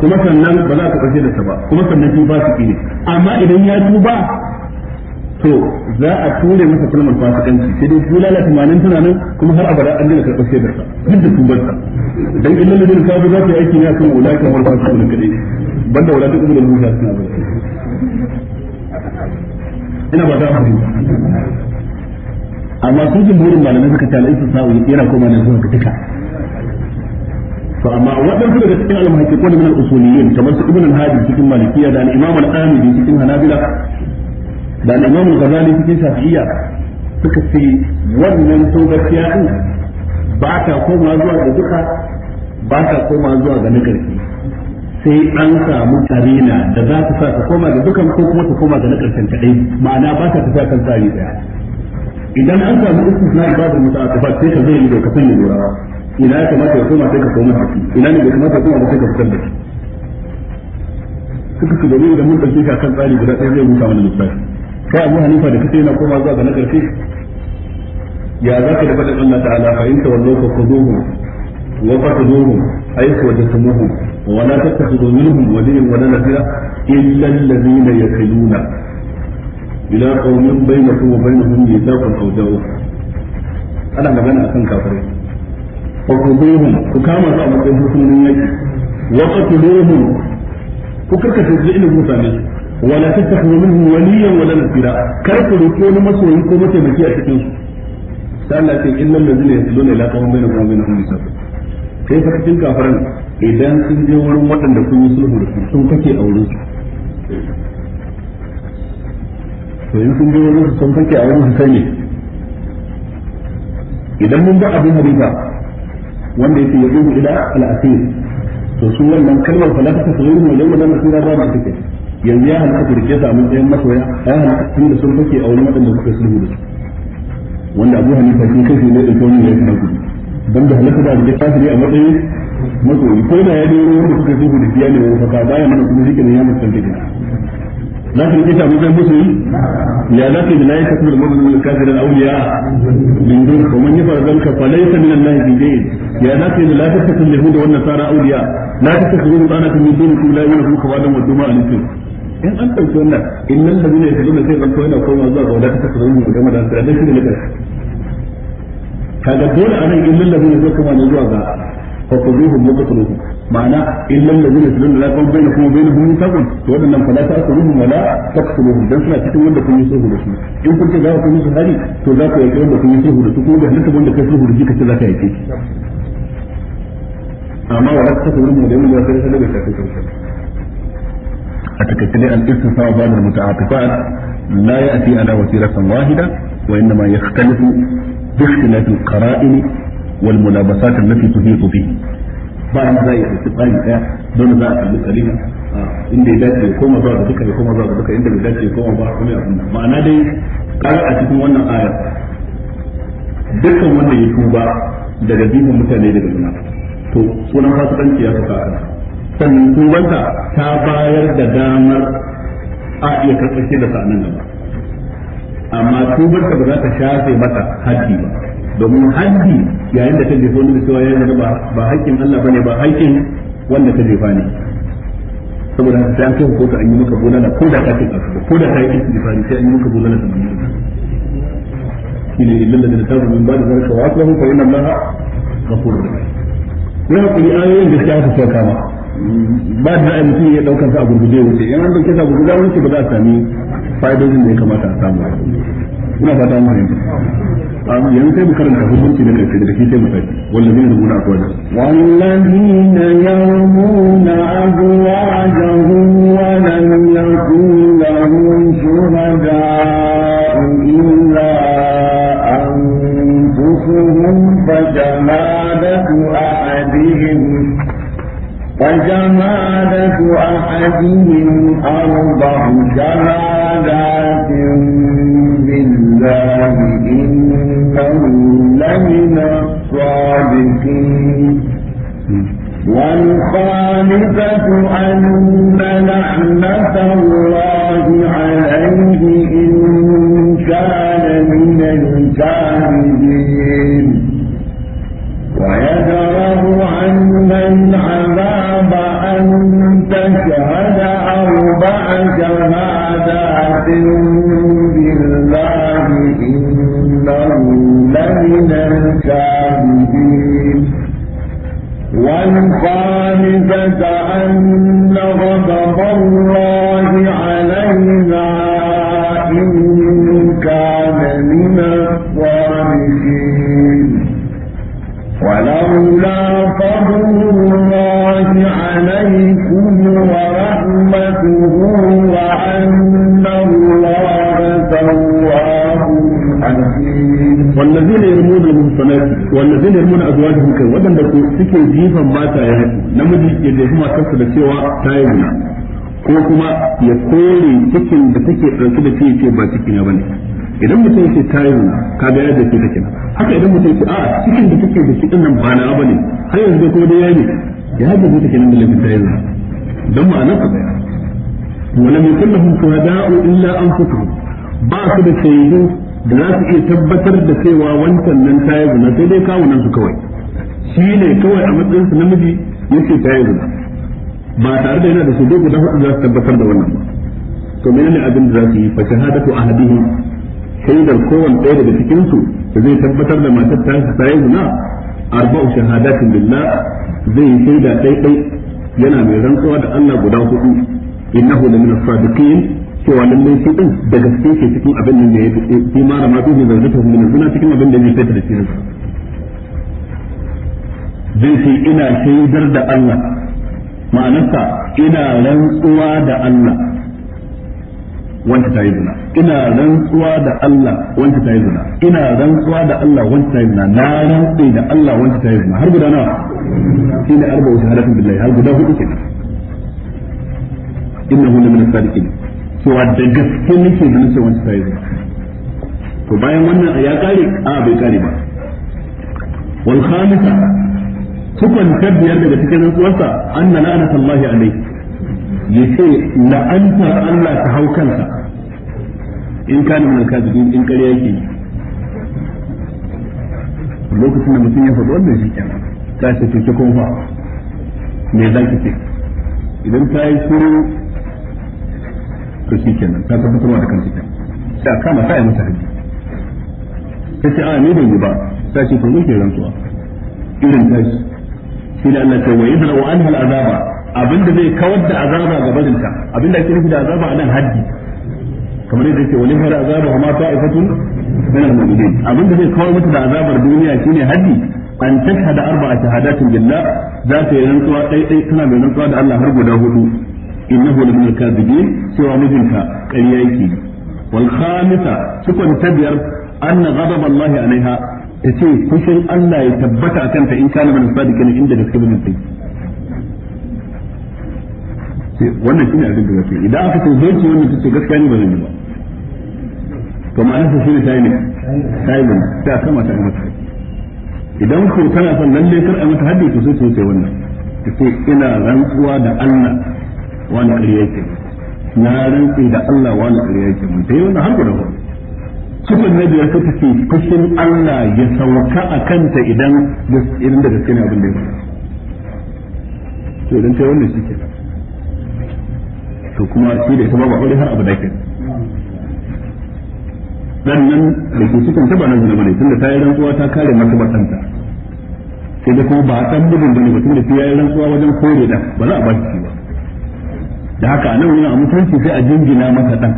kuma sannan ba za ka ƙarshe da ta ba kuma sannan tuba su ne amma idan ya duba. to za a ture masa kalmar fasikanci sai dai bulala tamanin tana nan kuma har abada an dina karɓar shaidar sa duk da tubar sa dan illa da dinin kabu za ta yi aiki ne akan ulaka wal fasikun kadai banda ulaka kuma da musa suna ba ina ba ta fahimta amma sun jumhurin malamai suka tala isa sa'u yana koma ne zuwa ga duka to amma waɗansu daga cikin almahaƙiƙon min al-usuliyyin kamar su ibn al-hadi cikin malikiya da al-imam al-amidi cikin hanabila da Imam Ghazali cikin Shafi'iyya suka ce wannan tobaciya din ba ta koma zuwa ga duka ba ta koma zuwa ga nakarfi sai an samu tarina da za ta sa ta koma ga dukan ko kuma ta koma ga nagarkin kadai ma'ana ba ta tafiya kan tsari daya idan an samu istisna babu muta'aqqifat sai ka zai da kafin lura ina ya kamata ya koma sai ka koma haki ina ne bai kamata ya koma sai ka fitar da shi kuka ku domin da mun dauke ka kan tsari guda ɗaya zai muka mana lissafi kai abu hanifa da kace yana koma zuwa ga na karfi ya za ka dafa da faɗin Allah ta'ala fa in tawallu fa khuduhum wa fatuhum haythu wajadtumuhum wa la tattakhidhu minhum waliyyan wa la nasira illa alladhina yakhiluna ila qaumin bainakum wa bainahum za ku jawr ana magana akan kafirai fa khuduhum ku kama su a matsayin hukumin yaki wa qatuluhum ku karkata su ilmin mutane wala tattakhidhu minhu waliyan wala nasira kar ku roki ko mataimaki a cikin su sai Allah ce innal ladzina yasluna ila qaumin bainahum wa bainahum nisab sai fa cikin kafiran idan sun je wurin waɗanda sun yi sun kake a wurin su sun je wurin sun kake a wurin su idan mun ga abin harifa wanda yake yabo ila al-asir to su wannan kalmar falaka ta zuwa ne lawan nan sura ba ta take yanzu ya halaka ku rike su a matsayin masoya ya halaka tun da sun fake a wani waɗanda suka sulhu da su wanda abu hanifa shi kai ne da tsohon ya kana gudu don da halaka da rike kafiri a matsayin masoyi ko da ya ne wanda suka sulhu da biya ne wanda ka baya mana kuma shi kenan ya mutunta gida za ka rike shi a masoyi ya za ka yi da layi da kafirin auliya min dun ko man yafa zalka fa laysa min ya za ka yi da la tattakhidhu na ta nasara auliya la tattakhidhu anata min dunikum la yunfiqu wa adam wa duma alaikum in an ɗauki wannan in nan da zai ne zai zai zanto yana koma zuwa ga wadata ta zama mu gama da tsira dan shi kaga dole anan in nan da zai zai koma ne zuwa ga fakuruhum wa ma'ana in nan da zai zai la kan bayyana kuma bayyana hum sabun to wadannan fa la ta'kuluhum wa la taqtuluhum dan suna cikin wanda kun yi sulhu da su in kun ce za ku yi sulhu hari to za ku yi wanda kun yi sulhu da su kuma da halitta wanda kai sulhu da shi kace za ka yi amma wa la taqtuluhum da yamma da sai da ka kai أتكتلي الاستثناء بعد المتعاطفات لا يأتي على وسيلة واحدة وإنما يختلف باختلاف القرائن والملابسات التي تحيط به ba na za a yi istifani ɗaya don za a kalli kalima inda ya dace ya koma zuwa ga duka ya koma zuwa ga duka inda bai dace ya koma ba kuma abin ma'ana dai kar a cikin wannan aya dukkan wanda ya tuba daga bihun mutane daga zina to sunan fasikanci ya saka a sannan tubanta ta bayar da damar a iya karɓar shi da sa'anan gaba amma tubanta ba za ta shafe mata haddi ba domin haddi yayin da ta jefa wani da cewa yayin da ba haƙƙin Allah bane ba haƙƙin wanda ta jefa ne saboda haka ta an kai hukunta an yi maka na ko da ka tuka ko da ka yi istifari sai an yi maka bulala da mun shine illal ladina tabu min ba'da zalika wa aslahu fa inna Allah ghafurur rahim ya hakuri ayoyin da suka aka sauka ma ba da ai mutum ya daukar sa a gurguje wuce in an dauke sa gurguje wuce ba za a sami fa'idojin da ya kamata a samu ina fata mu ne fahimta yanzu sai mu karanta hukunci da kake da kike mutai mutaki wallazina yarmuna azwajahum wallazina yarmuna azwajahum wa lam yakun lahum shuhada illa anfusuhum fa jamaa فجمالة أحدهم أرض جمالات بالله إنه لمن الصادقين والخالفة أن لعنة الله عليه أنت والذين يرمون ازواجهم كي ودن دكو سكي جيفا ما تايهاتي نمجي يجيفا ما تفسد yi تايهنا ko kuma ya kore cikin da take ɗauke da fiye ce ba cikin ya bane idan mutum yake tayin kaga ya dace take haka idan mutum yake a cikin da take da cikin nan ba na bane har yanzu ko da yayi ya dace take nan da lafiyar tayin dan ma'anar ka daya wala min kullahum shuhada'u illa anfusuhum ba su da shaidu da za su iya tabbatar da cewa wancan nan ta yi zina sai dai kawunan su kawai shi ne kawai a matsayin su namiji yake ta yi zina ba tare da yana da su dai guda hudu za su tabbatar da wannan ba to menene abin da za su yi fa shahadatu ahadihim shaidar kowanne ɗaya daga cikin su da zai tabbatar da matar ta ta yi zina arba'u shahadatin billah zai yi shaida ɗaiɗai yana mai rantsuwa da Allah guda hudu innahu lamina sadiqin cewa lallai shi din da gaske ke cikin abin da ya fi shi ma da ma fi zargata mun suna cikin abin da ya fi da shi zai ce ina shaidar da Allah ma'anarsa ina rantsuwa da Allah wanda ta yi zina ina rantsuwa da Allah wanda ta yi zina ina rantsuwa da Allah wanda ta yi zina na rantsi da Allah wanda ta yi zina har guda nawa shi ne arba'u shahadatin billahi har guda hudu kenan innahu lamina sadiqin cewa da gaske nake da nace wanda sai zuwa to bayan wannan ya kare a bai kare ba wal khamisa sukan tabbiyar daga cikin rantsuwarsa anna la'anata Allah alaihi yace la'antar Allah ta hau kansa in kana min kadibin in kare yake lokacin da mutum ya faɗi wannan shi kenan ka ce ce kuma fa me zaki ce idan ta yi shiru to shi kenan ta tafi tabbatarwa da kanta ta sai kama sai masa haji ta ce a ni ban yi ba ta ce to mun ke rantsuwa irin ta shi shi da Allah ta wayi da wa anhal azaba abinda zai kawar da azaba ga barinta abinda ake nufi da azaba nan haddi kamar yadda yake wani fara azaba ma ta'ifatun min al abin da zai kawar mata da azabar duniya shine haddi an tashhada arba'a shahadatin billah za ta yi rantsuwa ɗai ɗai tana mai rantsuwa da Allah har guda hudu innahu lamin al-kadhibin cewa mijinta ƙarya yake wal khamisa sifar ta biyar anna ghadab Allah alaiha tace fushin Allah ya tabbata akan ta in kana min sadiqin gaske wannan shine abin da zai idan aka ce zai ce wannan tace gaskiya ne ba zan yi ba to ma'ana su shine tayi ne ne ta kama ta mata idan ko kana son lalle kar a mata haddi to sai wannan ina rantsuwa da Allah wani ƙarya ke na rantsi da Allah wani ƙarya ke mun ta yi wannan har guda wani cikin na biyar suka ce fushin Allah ya sauka a kanta idan da gaske ne abin da ya faɗa to idan ta yi wannan shi ke to kuma shi da ita ba ba aure har abu da ke dan nan da ke cikin ta ba nan ne bane tunda ta yi rantsuwa ta kare martabar ɗanta sai da kuma ba a ɗan bugun bane ba tunda ta yi rantsuwa wajen kore da ba za a ba shi ba da haka a nan a mutunci sai a jingina masa dan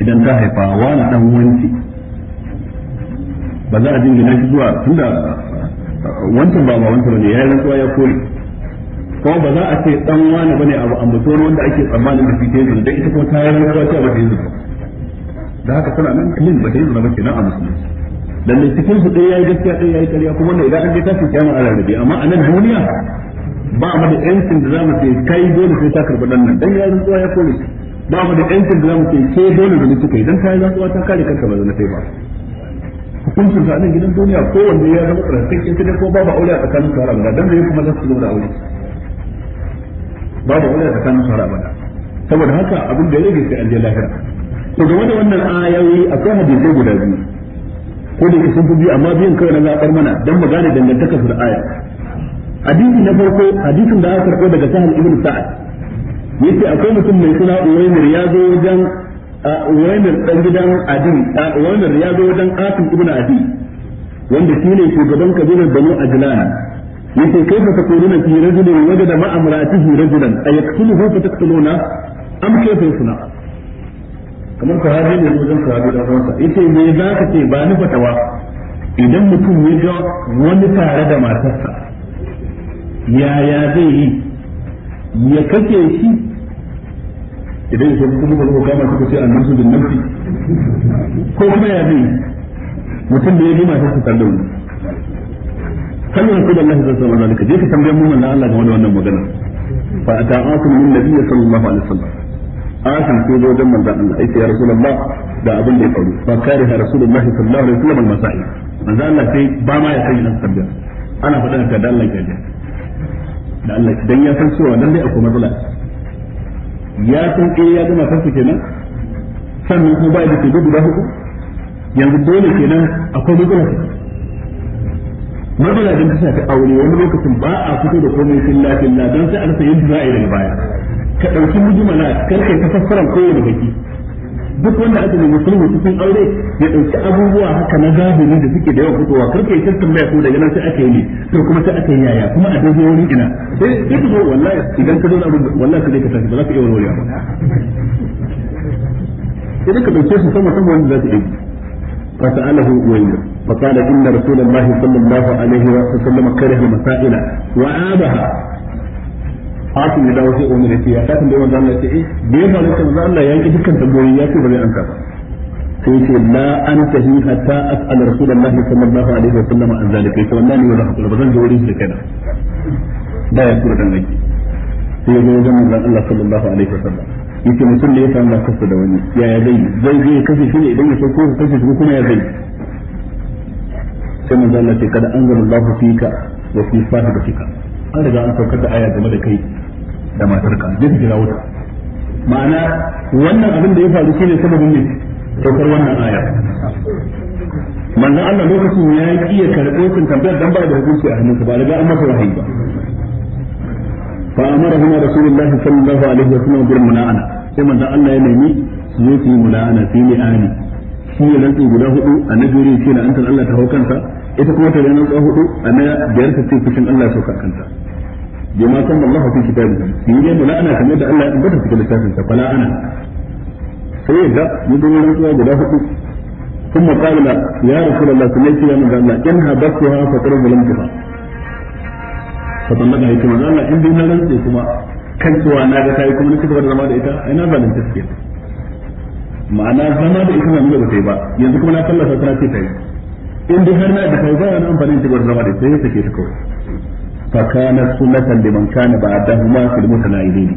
idan ta haifa wani dan wanci ba za a jingina shi zuwa tunda uh, wancan ba ba wancan ne ya yi rantsuwa ya kore ko ba za a ce dan wani bane abu ambato wanda ake tsammanin da fice yanzu dan ita ko ta yi rantsuwa ta ba ta yanzu da haka tana nan clean ba ta yi yanzu ba kenan a musulunci lalle cikin su ɗaya yayi gaskiya ɗaya yayi ƙarya kuma wannan idan an je tafi kiyama a rarrabe amma a nan duniya ba mu da yancin da zamu ce kai dole sai ka karbi dan nan dan ya rantsuwa ya kore ba mu da yancin da zamu ce ke dole da mutu kai dan kai rantsuwa ta kare kanka ba zama kai ba hukuncin sa nan gidan duniya ko wanda ya zama kin sai ko babu aure a tsakanin su har abada dan da kuma za su zama da aure babu aure a tsakanin su har abada saboda haka abin da ya rage sai an je lahira to game da wannan ayoyi akwai hadisi guda biyu ko da sun fi biyu amma biyan kawai na zaɓar mana don mu gane dangantakar su da aya hadisi na farko hadisin da aka karɓo daga sahal ibn sa'ad yace akwai mutum mai suna uwaymir ya zo wajen uwaymir dan gidan adi uwaymir ya zo wajen asim ibn adi wanda shine shugaban kabilar banu ajlan yace kaifa taquluna fi rajulin wajada ma amratihi rajulan ayaktuluhu fataqtuluna am kaifa yusna kamar hadisi ne wajen sahabi da wansa yace me zaka ce ba ni fatawa idan mutum ya ga wani tare da matarsa yaya zai yi ya kake shi idan ya shafi kuma ba kama suka ce annan su ko kuma ya zai mutum da ya bi masu su tarda wani kallon ku da Allah zai zama zalika je ka tambaye mu Allah game da wannan magana fa ata'akum min nabiyyi sallallahu alaihi wasallam akan ko zo wajen manzon Allah ai ya rasulullah da abin da ya faru fa kare ha rasulullah sallallahu alaihi wasallam al-masail manzon Allah sai ba ma ya kai nan tambaya ana faɗa da Allah ya da Allah dan ya san cewa dan dai akwai matsala ya san eh ya gama kansa kenan sannan kuma ba da ke gudu da hudu yanzu dole kenan akwai matsala matsala din ta ta aure wani lokacin ba a fito da komai filla lafiya don sai an rasa yadda za a yi daga baya ka ɗauki mujmala kar kai ta fassara kowane baki duk wanda aka nemi sulhu cikin aure ya dauki abubuwa haka na zahiri da suke da yawan fitowa karka yi kirkin baya ko daga sai aka yi ne to kuma sai aka yi yaya kuma a daidai ina sai sai ka wallahi idan ka zo abin wallahi ka tafi ba za ka iya wani ba sai ka dauke sama sama wanda za yi فسأله فقال إن رسول الله صلى الله عليه وسلم كره المسائل hakim ya dawo sai umar ya ce ya ka tambaye manzo Allah ya ce eh da ya faru kan manzo Allah ya yanke dukkan tambayoyi ya ce ba zai anka ba sai ce la antahi hatta as'al rasulullahi sallallahu alaihi wa sallam an zalika sai wallahi wa rahmatullahi ba zan je wurin shi kenan da ya tura dan aiki sai ya ga wajen manzo Allah sallallahu alaihi wa sallam yake mutum da ya samu kasa da wani yaya zai zai zai kashe shi ne idan ya so ko kashe shi kuma ya zai sai manzo Allah ce kada anzalallahu fika wa fi sahibatika an riga an saukar da aya game da kai da matarka zai su jira wuta ma'ana wannan abin da ya faru shine sababin ne saukar wannan aya manzon Allah lokacin ya yi kiyar karɓo sun tambayar dan ba da hukunci a hannunsa ba riga an masa wahayi ba fa amara huma rasulullahi sallallahu alaihi wa sallam bil muna'ana sai manzon Allah ya nemi su yi muna'ana fi li'ani shi ne lantin guda hudu annabi ya ne an antar Allah ta hau kansa ita kuma ta rantsa hudu na biyar ta ce fushin Allah ya sauka kanta bima kan Allah fi kitabihi shi ne mun ana kamar da Allah ya tabbata cikin littafin sa fala ana sai ga mun da ثم قال لا يا رسول الله صلى الله عليه وسلم إن هبتها فقد ظلمتها فطلقها كما قال إن دي نرن كما كان سوى ناغا تاي كما نكتب zama da ita ina zalunta take ma'ana zama da ita nan da ba yanzu kuma na kallasa tana ce tayi in dai har na da kai ba na amfani da zama da ita sai take ta kawai fa kana sunnatan liman kana ba'dahuma fil mutana'idin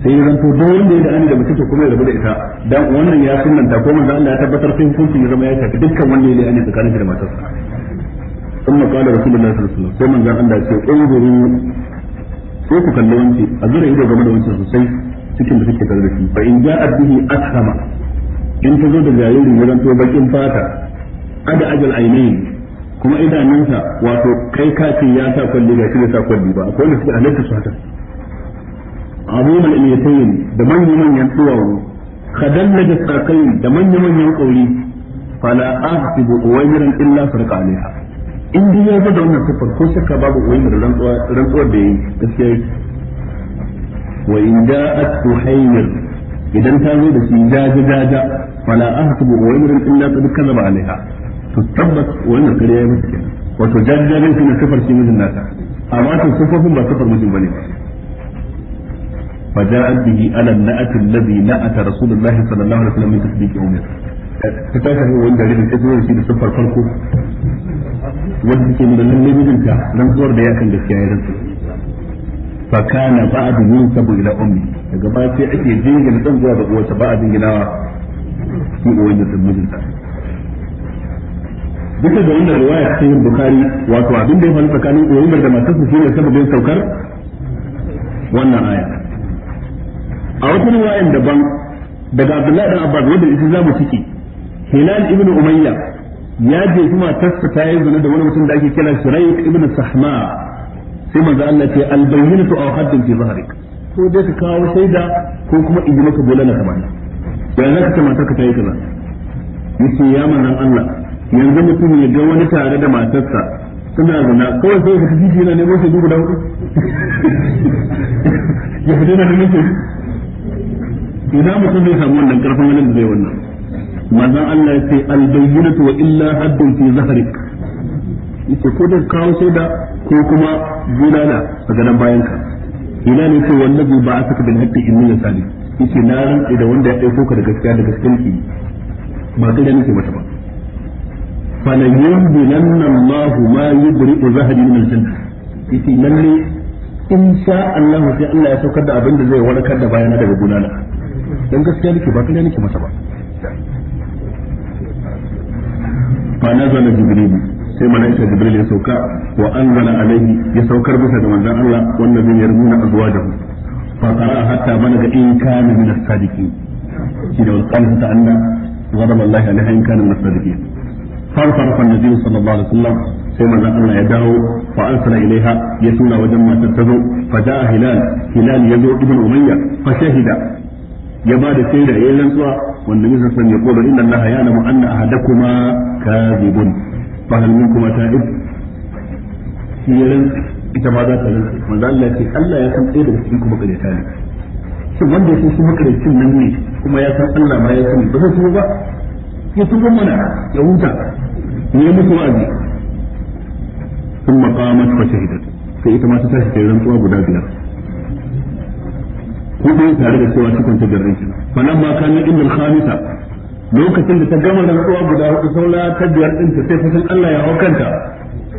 sai ya zanto duk wanda ya da ani da mutum to kuma ya rabu da ita dan wannan ya sunnanta ko manzo Allah ya tabbatar sai hukunci ya zama ya tafi dukkan wanda ya da ani tsakanin da matarsa ثم قال رسول الله صلى الله عليه وسلم ثم قال الله انظروا sai ku kalli wanke a zura ido game da wancan sosai cikin da suke tare da shi fa in ja'at bihi ashama in ta zo da jariri ya zanto bakin fata ada ajal ainihin kuma idanunsa wato kai ka ya sa kwalli ga shi ne sa kwalli ba akwai wanda suke halatta su haka abubuwan ilmiyatayin da manya-manyan tsuwawo kadalla da sarkayin da manya-manyan kauri fala ahsibu uwayran illa farqa alaiha in dai ya zo da wannan sifar ko shakka babu uwayr rantsuwar da yayi gaskiya wa in ja'at tuhayr idan ta zo da shi jaja jaja fala ahsibu uwayran illa qad kadhaba alaiha to tabbas wannan kare ya mutu kenan wato jajjabin na sifar shi mijin nata amma to sifofin ba sifar mijin bane ba فجاءت به على النأة الذي نأت رسول الله صلى الله عليه وسلم من تسبيك أمه ta tashi ne wanda ribin ta zuwa shi da siffar farko wanda take nuna lalle mijinta rantsuwar da ya kan gaskiya ya rantsu fa kana ba'du min sabu ila ummi daga baya sai ake jingina dan zuwa ga uwarsa ba a jinginawa shi uwan da ta. bisa ga wannan riwaya ta yin bukari wato abin da ya faru tsakanin umar da matarsa shine sababin saukar wannan aya a wata riwayan daban daga abdullahi dan abbas wanda ita za mu ciki hilal ibn umayya ya je kuma tasta ta yi zina da wani mutum da ake kira shuraik ibn sahma sai manzo Allah ce albayyinatu aw haddun fi zahrik ko dai ka kawo shaida ko kuma in ji maka bolana kamar yanzu ka ce matarka ta yi kaza yace ya manzon Allah yanzu mutum ya ga wani tare da matarsa suna zana kawai sai ka tafi na nemo shi guda hudu ya fi yana neman shi ina mutum zai samu wannan karfin wani da zai wannan manzon Allah ya ce albayyana tuwa illa haddun fi zahari ita ko da kawo da ko kuma bulala a gaban bayanka ina ne ce wannan ba a saka bin haddun inni ya sani yace na rantsa da wanda ya dauko ka da gaskiya da gaskiya ki ba da nake mata ba falan yumbilanna Allah ma yudri'u zahadi min al-janna yace lalle in sha Allah sai Allah ya saukar da abin da zai warkar da bayana daga gudana dan gaskiya nake ba kana nake masa ba fa nazala jibril sai malaika jibril ya sauka wa anzala alaihi ya saukar bisa ga manzon Allah wannan zai yarmu na yarmuna azwajahu fa qara hatta ga in kana min as-sadiqin shi da wannan ta Allah ضرب الله عليها إن كان من الصادقين فانصرف النبي صلى الله عليه وسلم sai manzon Allah ya dawo fa arsala ilaiha ya tura wajen matar ta zo fa da'a hilal hilal ya zo ibn umayya fa shahida ya ba da shaida ya rantsuwa wanda bisa san ya ita ma za ta rantsa manzon Allah ya ce Allah ya san ɗaya daga cikin kuma ƙaryata ne shin wanda ya san shi makarantun nan ne kuma ya san Allah ma ya sani ba zai ba ya tuba mana ya huta ne mutu wa'azi sun maqamat ta shahidat sai ita ma ta tashi kai rantsuwa guda biyar ko dai tare da cewa cikin ta garrin shi fanan ma kana inda khamisa lokacin da ta gama rantsuwa guda hudu saula ta biyar din ta sai fasan Allah ya haukanta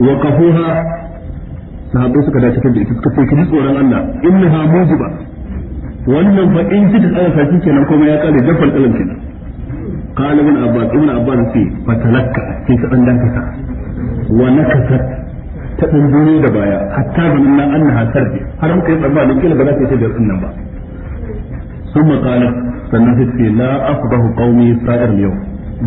wa qafuha sahabbai suka dace da ita suka ce ki tsoron Allah innaha mujiba wannan fa in kika tsaya saki kenan kuma ya kare jafal kalam kenan قال ابن عباس ابن عباس في في da baya hatta zanna annaha tarbi har muka yi kila ba za ta yi da sunnan ba summa qala sannan sai ce la afdahu qaumi sa'ir yau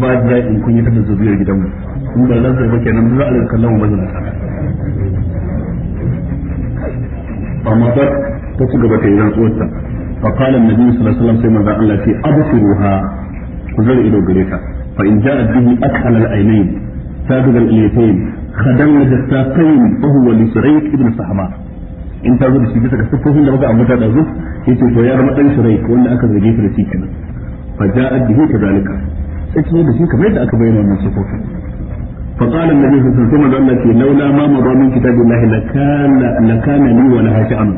ba da in kun yi ta zuriyar gidanmu in ba za su ba kenan za a kallon mu bazana ta amma ta ci yi ku zara ido gare ka fa in ja'a bihi akhal al-aynayn sabid al-iyatayn khadan al-jassatayn fa huwa li shurayk ibn sahma in ta zo da shi bisa ga sifofin da muka ambata da zu yace to ya zama dan shurayk wanda aka zage shi da shi kenan fa ja'a bihi kadalika sai da shi kamar yadda aka bayyana wannan sifofin فقال النبي صلى الله عليه وسلم لولا ما مضى من كتاب الله لكان لكان لي ولها شأن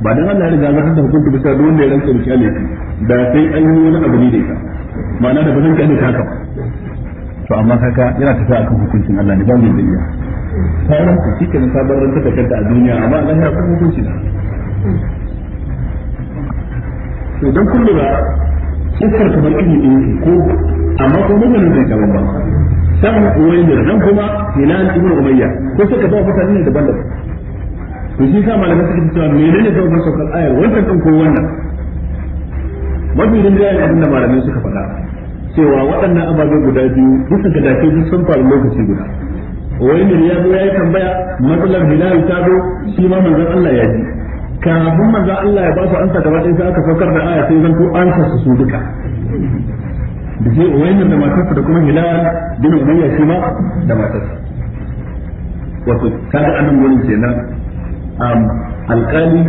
بعد أن الله رجع ذكر ده كنت بس أدون لي رنك بشأنك ده سيء أنه ولا أبني ليك ma'ana da ba zan kyale haka ba to amma kaka yana tafiya akan hukuncin Allah ne ba mu da iya sauran ku kike kenan sabon ran ta a duniya amma Allah ya kuma hukunci da to dan kullu ba sukar kamar bari ne ko amma ko mun ne da ba san wani da nan kuma hilal ibn umayya ko suka ba mutane ne daban-daban to shi sa malamai suka ce menene da wannan sokar ayar wannan din ko wannan mafi jayen abin da malamai suka faɗa cewa waɗannan ababe guda biyu bisa ga dace sun sun faru lokaci guda wani ya zo ya yi tambaya matsalar hilal ta zo shi ma manzon Allah ya ji kafin manzon Allah ya ba su ansa gaba ɗaya sai aka saukar da aya sai ko an su su duka da sai wani da matarsa da kuma hilal bin umayya shi ma da matarsa wato kaga anan gurin kenan um, alƙali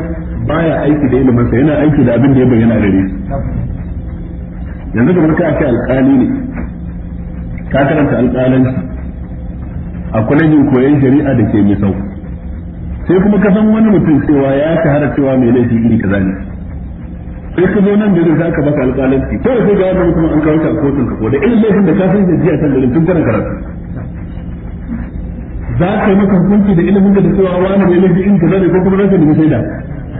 baya aiki da ilimin sa yana aiki da abin da ya bayyana da shi yanzu kamar ka ce alƙali ne ka karanta alƙalanci a kwalejin koyon shari'a da ke misau sai kuma ka san wani mutum cewa ya shahara cewa mai laifi iri kaza ne sai ka zo nan gari za ka baka alƙalanci ko sai ga wani mutum an kawo ka kotun ka ko da irin laifin da ka san da jiya san garin tun kana karatu za ka yi maka hukunci da ilimin da cewa wani mai laifi in kaza ne ko kuma ranka da shaida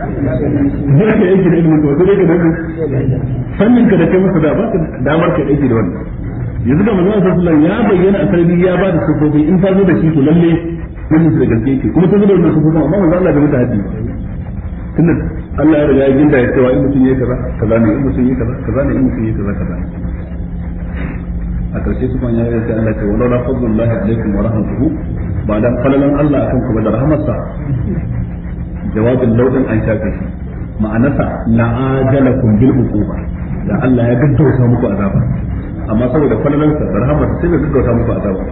zai ka aiki da ilimin to ka dauka sannin ka da kai masa da ba ka damar ka aiki da wannan yanzu da manzon sallallahu alaihi ya bayyana a sarbi ya ba da sufofi in ta zo da shi to lalle mun da gaske yake kuma ta zo da wannan sufofin amma manzon Allah da mutahaddi tunda Allah ya riga ya ginda ya cewa in mutum kaza kaza ne in mutum kaza kaza ne in mutum kaza kaza a ƙarshe su ya yi sai Allah ce walau fadlullahi alaikum wa rahmatuhu ba dan falalan Allah akan ku da rahmatsa jawabin lauɗin an shafe shi ma'anarsa la'ajalakum bil uquba da Allah ya gaggauta muku azaba amma saboda falalansa da rahamarsa sai ya gaggauta muku azaba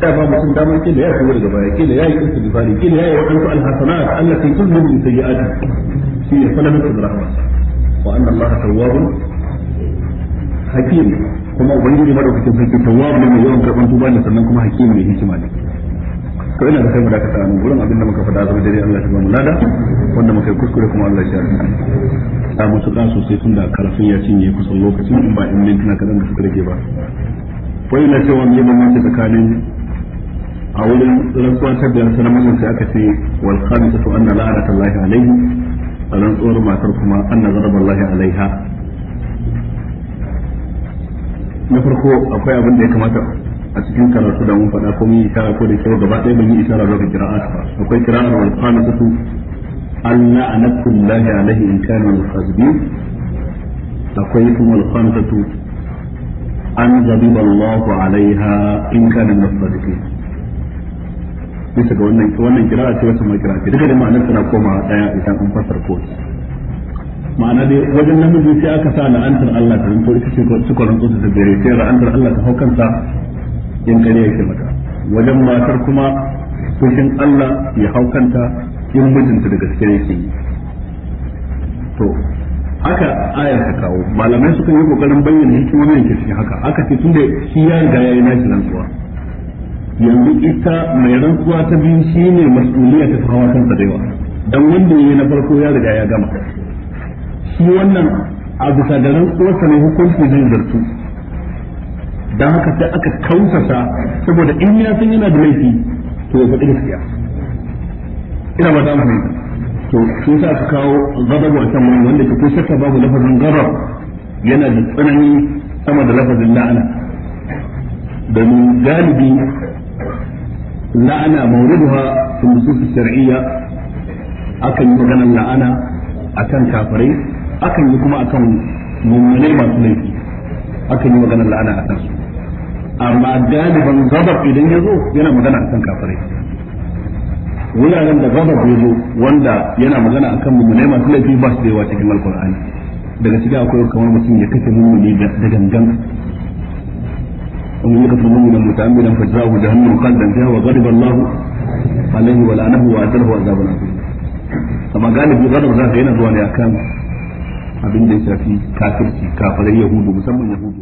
da ba mutum damar kila ya tuwo daga baya kila ya yi istighfari kila ya yi wadansu alhasanat Allah kai kullu min sayyi'ati shi ya falalansa da rahamarsa wa anna Allah tawwabun hakim kuma ubangiji madaukakin sarki tawwab ne mai yawan karban tuba ne sannan kuma hakim ne hikima ne to ina da kai mu da ka samu gurin abin da muka faɗa zama dare Allah shi ba mu lada wanda muka yi kuskure kuma Allah shi ya a musu ɗan sosai tun da karfin ya cinye kusan lokacin in ba in mintuna kaɗan da suka rage ba wani na cewa mai bambanci tsakanin a wurin rantsuwa da biyar ta namijin sai aka ce wal khamisa to anna la'anata Allah alaihi a rantsuwar matar kuma anna zaraba Allah alaiha na farko akwai abin da ya kamata a cikin karatu da mun faɗa ko mun yi isara ko da kyau gaba ɗaya ban yi isara zuwa ga kira'at ba akwai kira'ar wal khamisatu anna anakum lahi alaihi in kana al-khazbin akwai kuma al khamisatu an ghadiba Allahu alaiha in kana min as-sadiqin bisa ga wannan wannan kira'a ce wata mai kira'a ce duka da ma'anar tana komawa daya idan an fasar ko ma'ana dai wajen namiji sai aka sa la'antar Allah ta zanto ita ce suka rantsu ta bere sai la'antar Allah ta hau in kare yake mata wajen matar kuma fushin Allah ya hau kanta in mijinta da gaske yake yi to haka ayar ta kawo malamai suka yi kokarin bayyana hikimomin ke cikin haka aka ce tunda shi ya riga ya yi nashi rantsuwa yanzu ita mai rantsuwa ta biyu shine masuliyar ta hawa kansa da yawa dan wanda yayi na farko ya riga ya gama shi wannan a bisa da rantsuwarsa ne hukunci zai zartu dan haka sai aka kausasa saboda in ya san yana da laifi to ya faɗi gaskiya ina ba ta mai to shi sa aka kawo gadabu a can wanda ke ko shakka babu lafazin gadab yana da tsanani sama da lafazin la'ana domin galibi la'ana mawriduha fi nusus shar'iyya akan yi maganar la'ana a akan kafirai akan yi kuma akan mummunai masu laifi akan yi maganar la'ana a su amma galiban gabar idan ya zo yana magana akan kafirai wuraren da gabar ya zo wanda yana magana akan mummunai masu laifi ba su da yawa cikin alkur'ani daga cikin akwai kamar mutum ya kashe mummuni da gangan wani ومن يقتل مؤمنا متعمدا فجزاه جهنم خالدا فيها وغضب الله عليه ولعنه واتله عذابا عظيما amma galibi gadab za ka yana zuwa ne akan abin da ya shafi kafirci kafirai yahudu musamman yahudu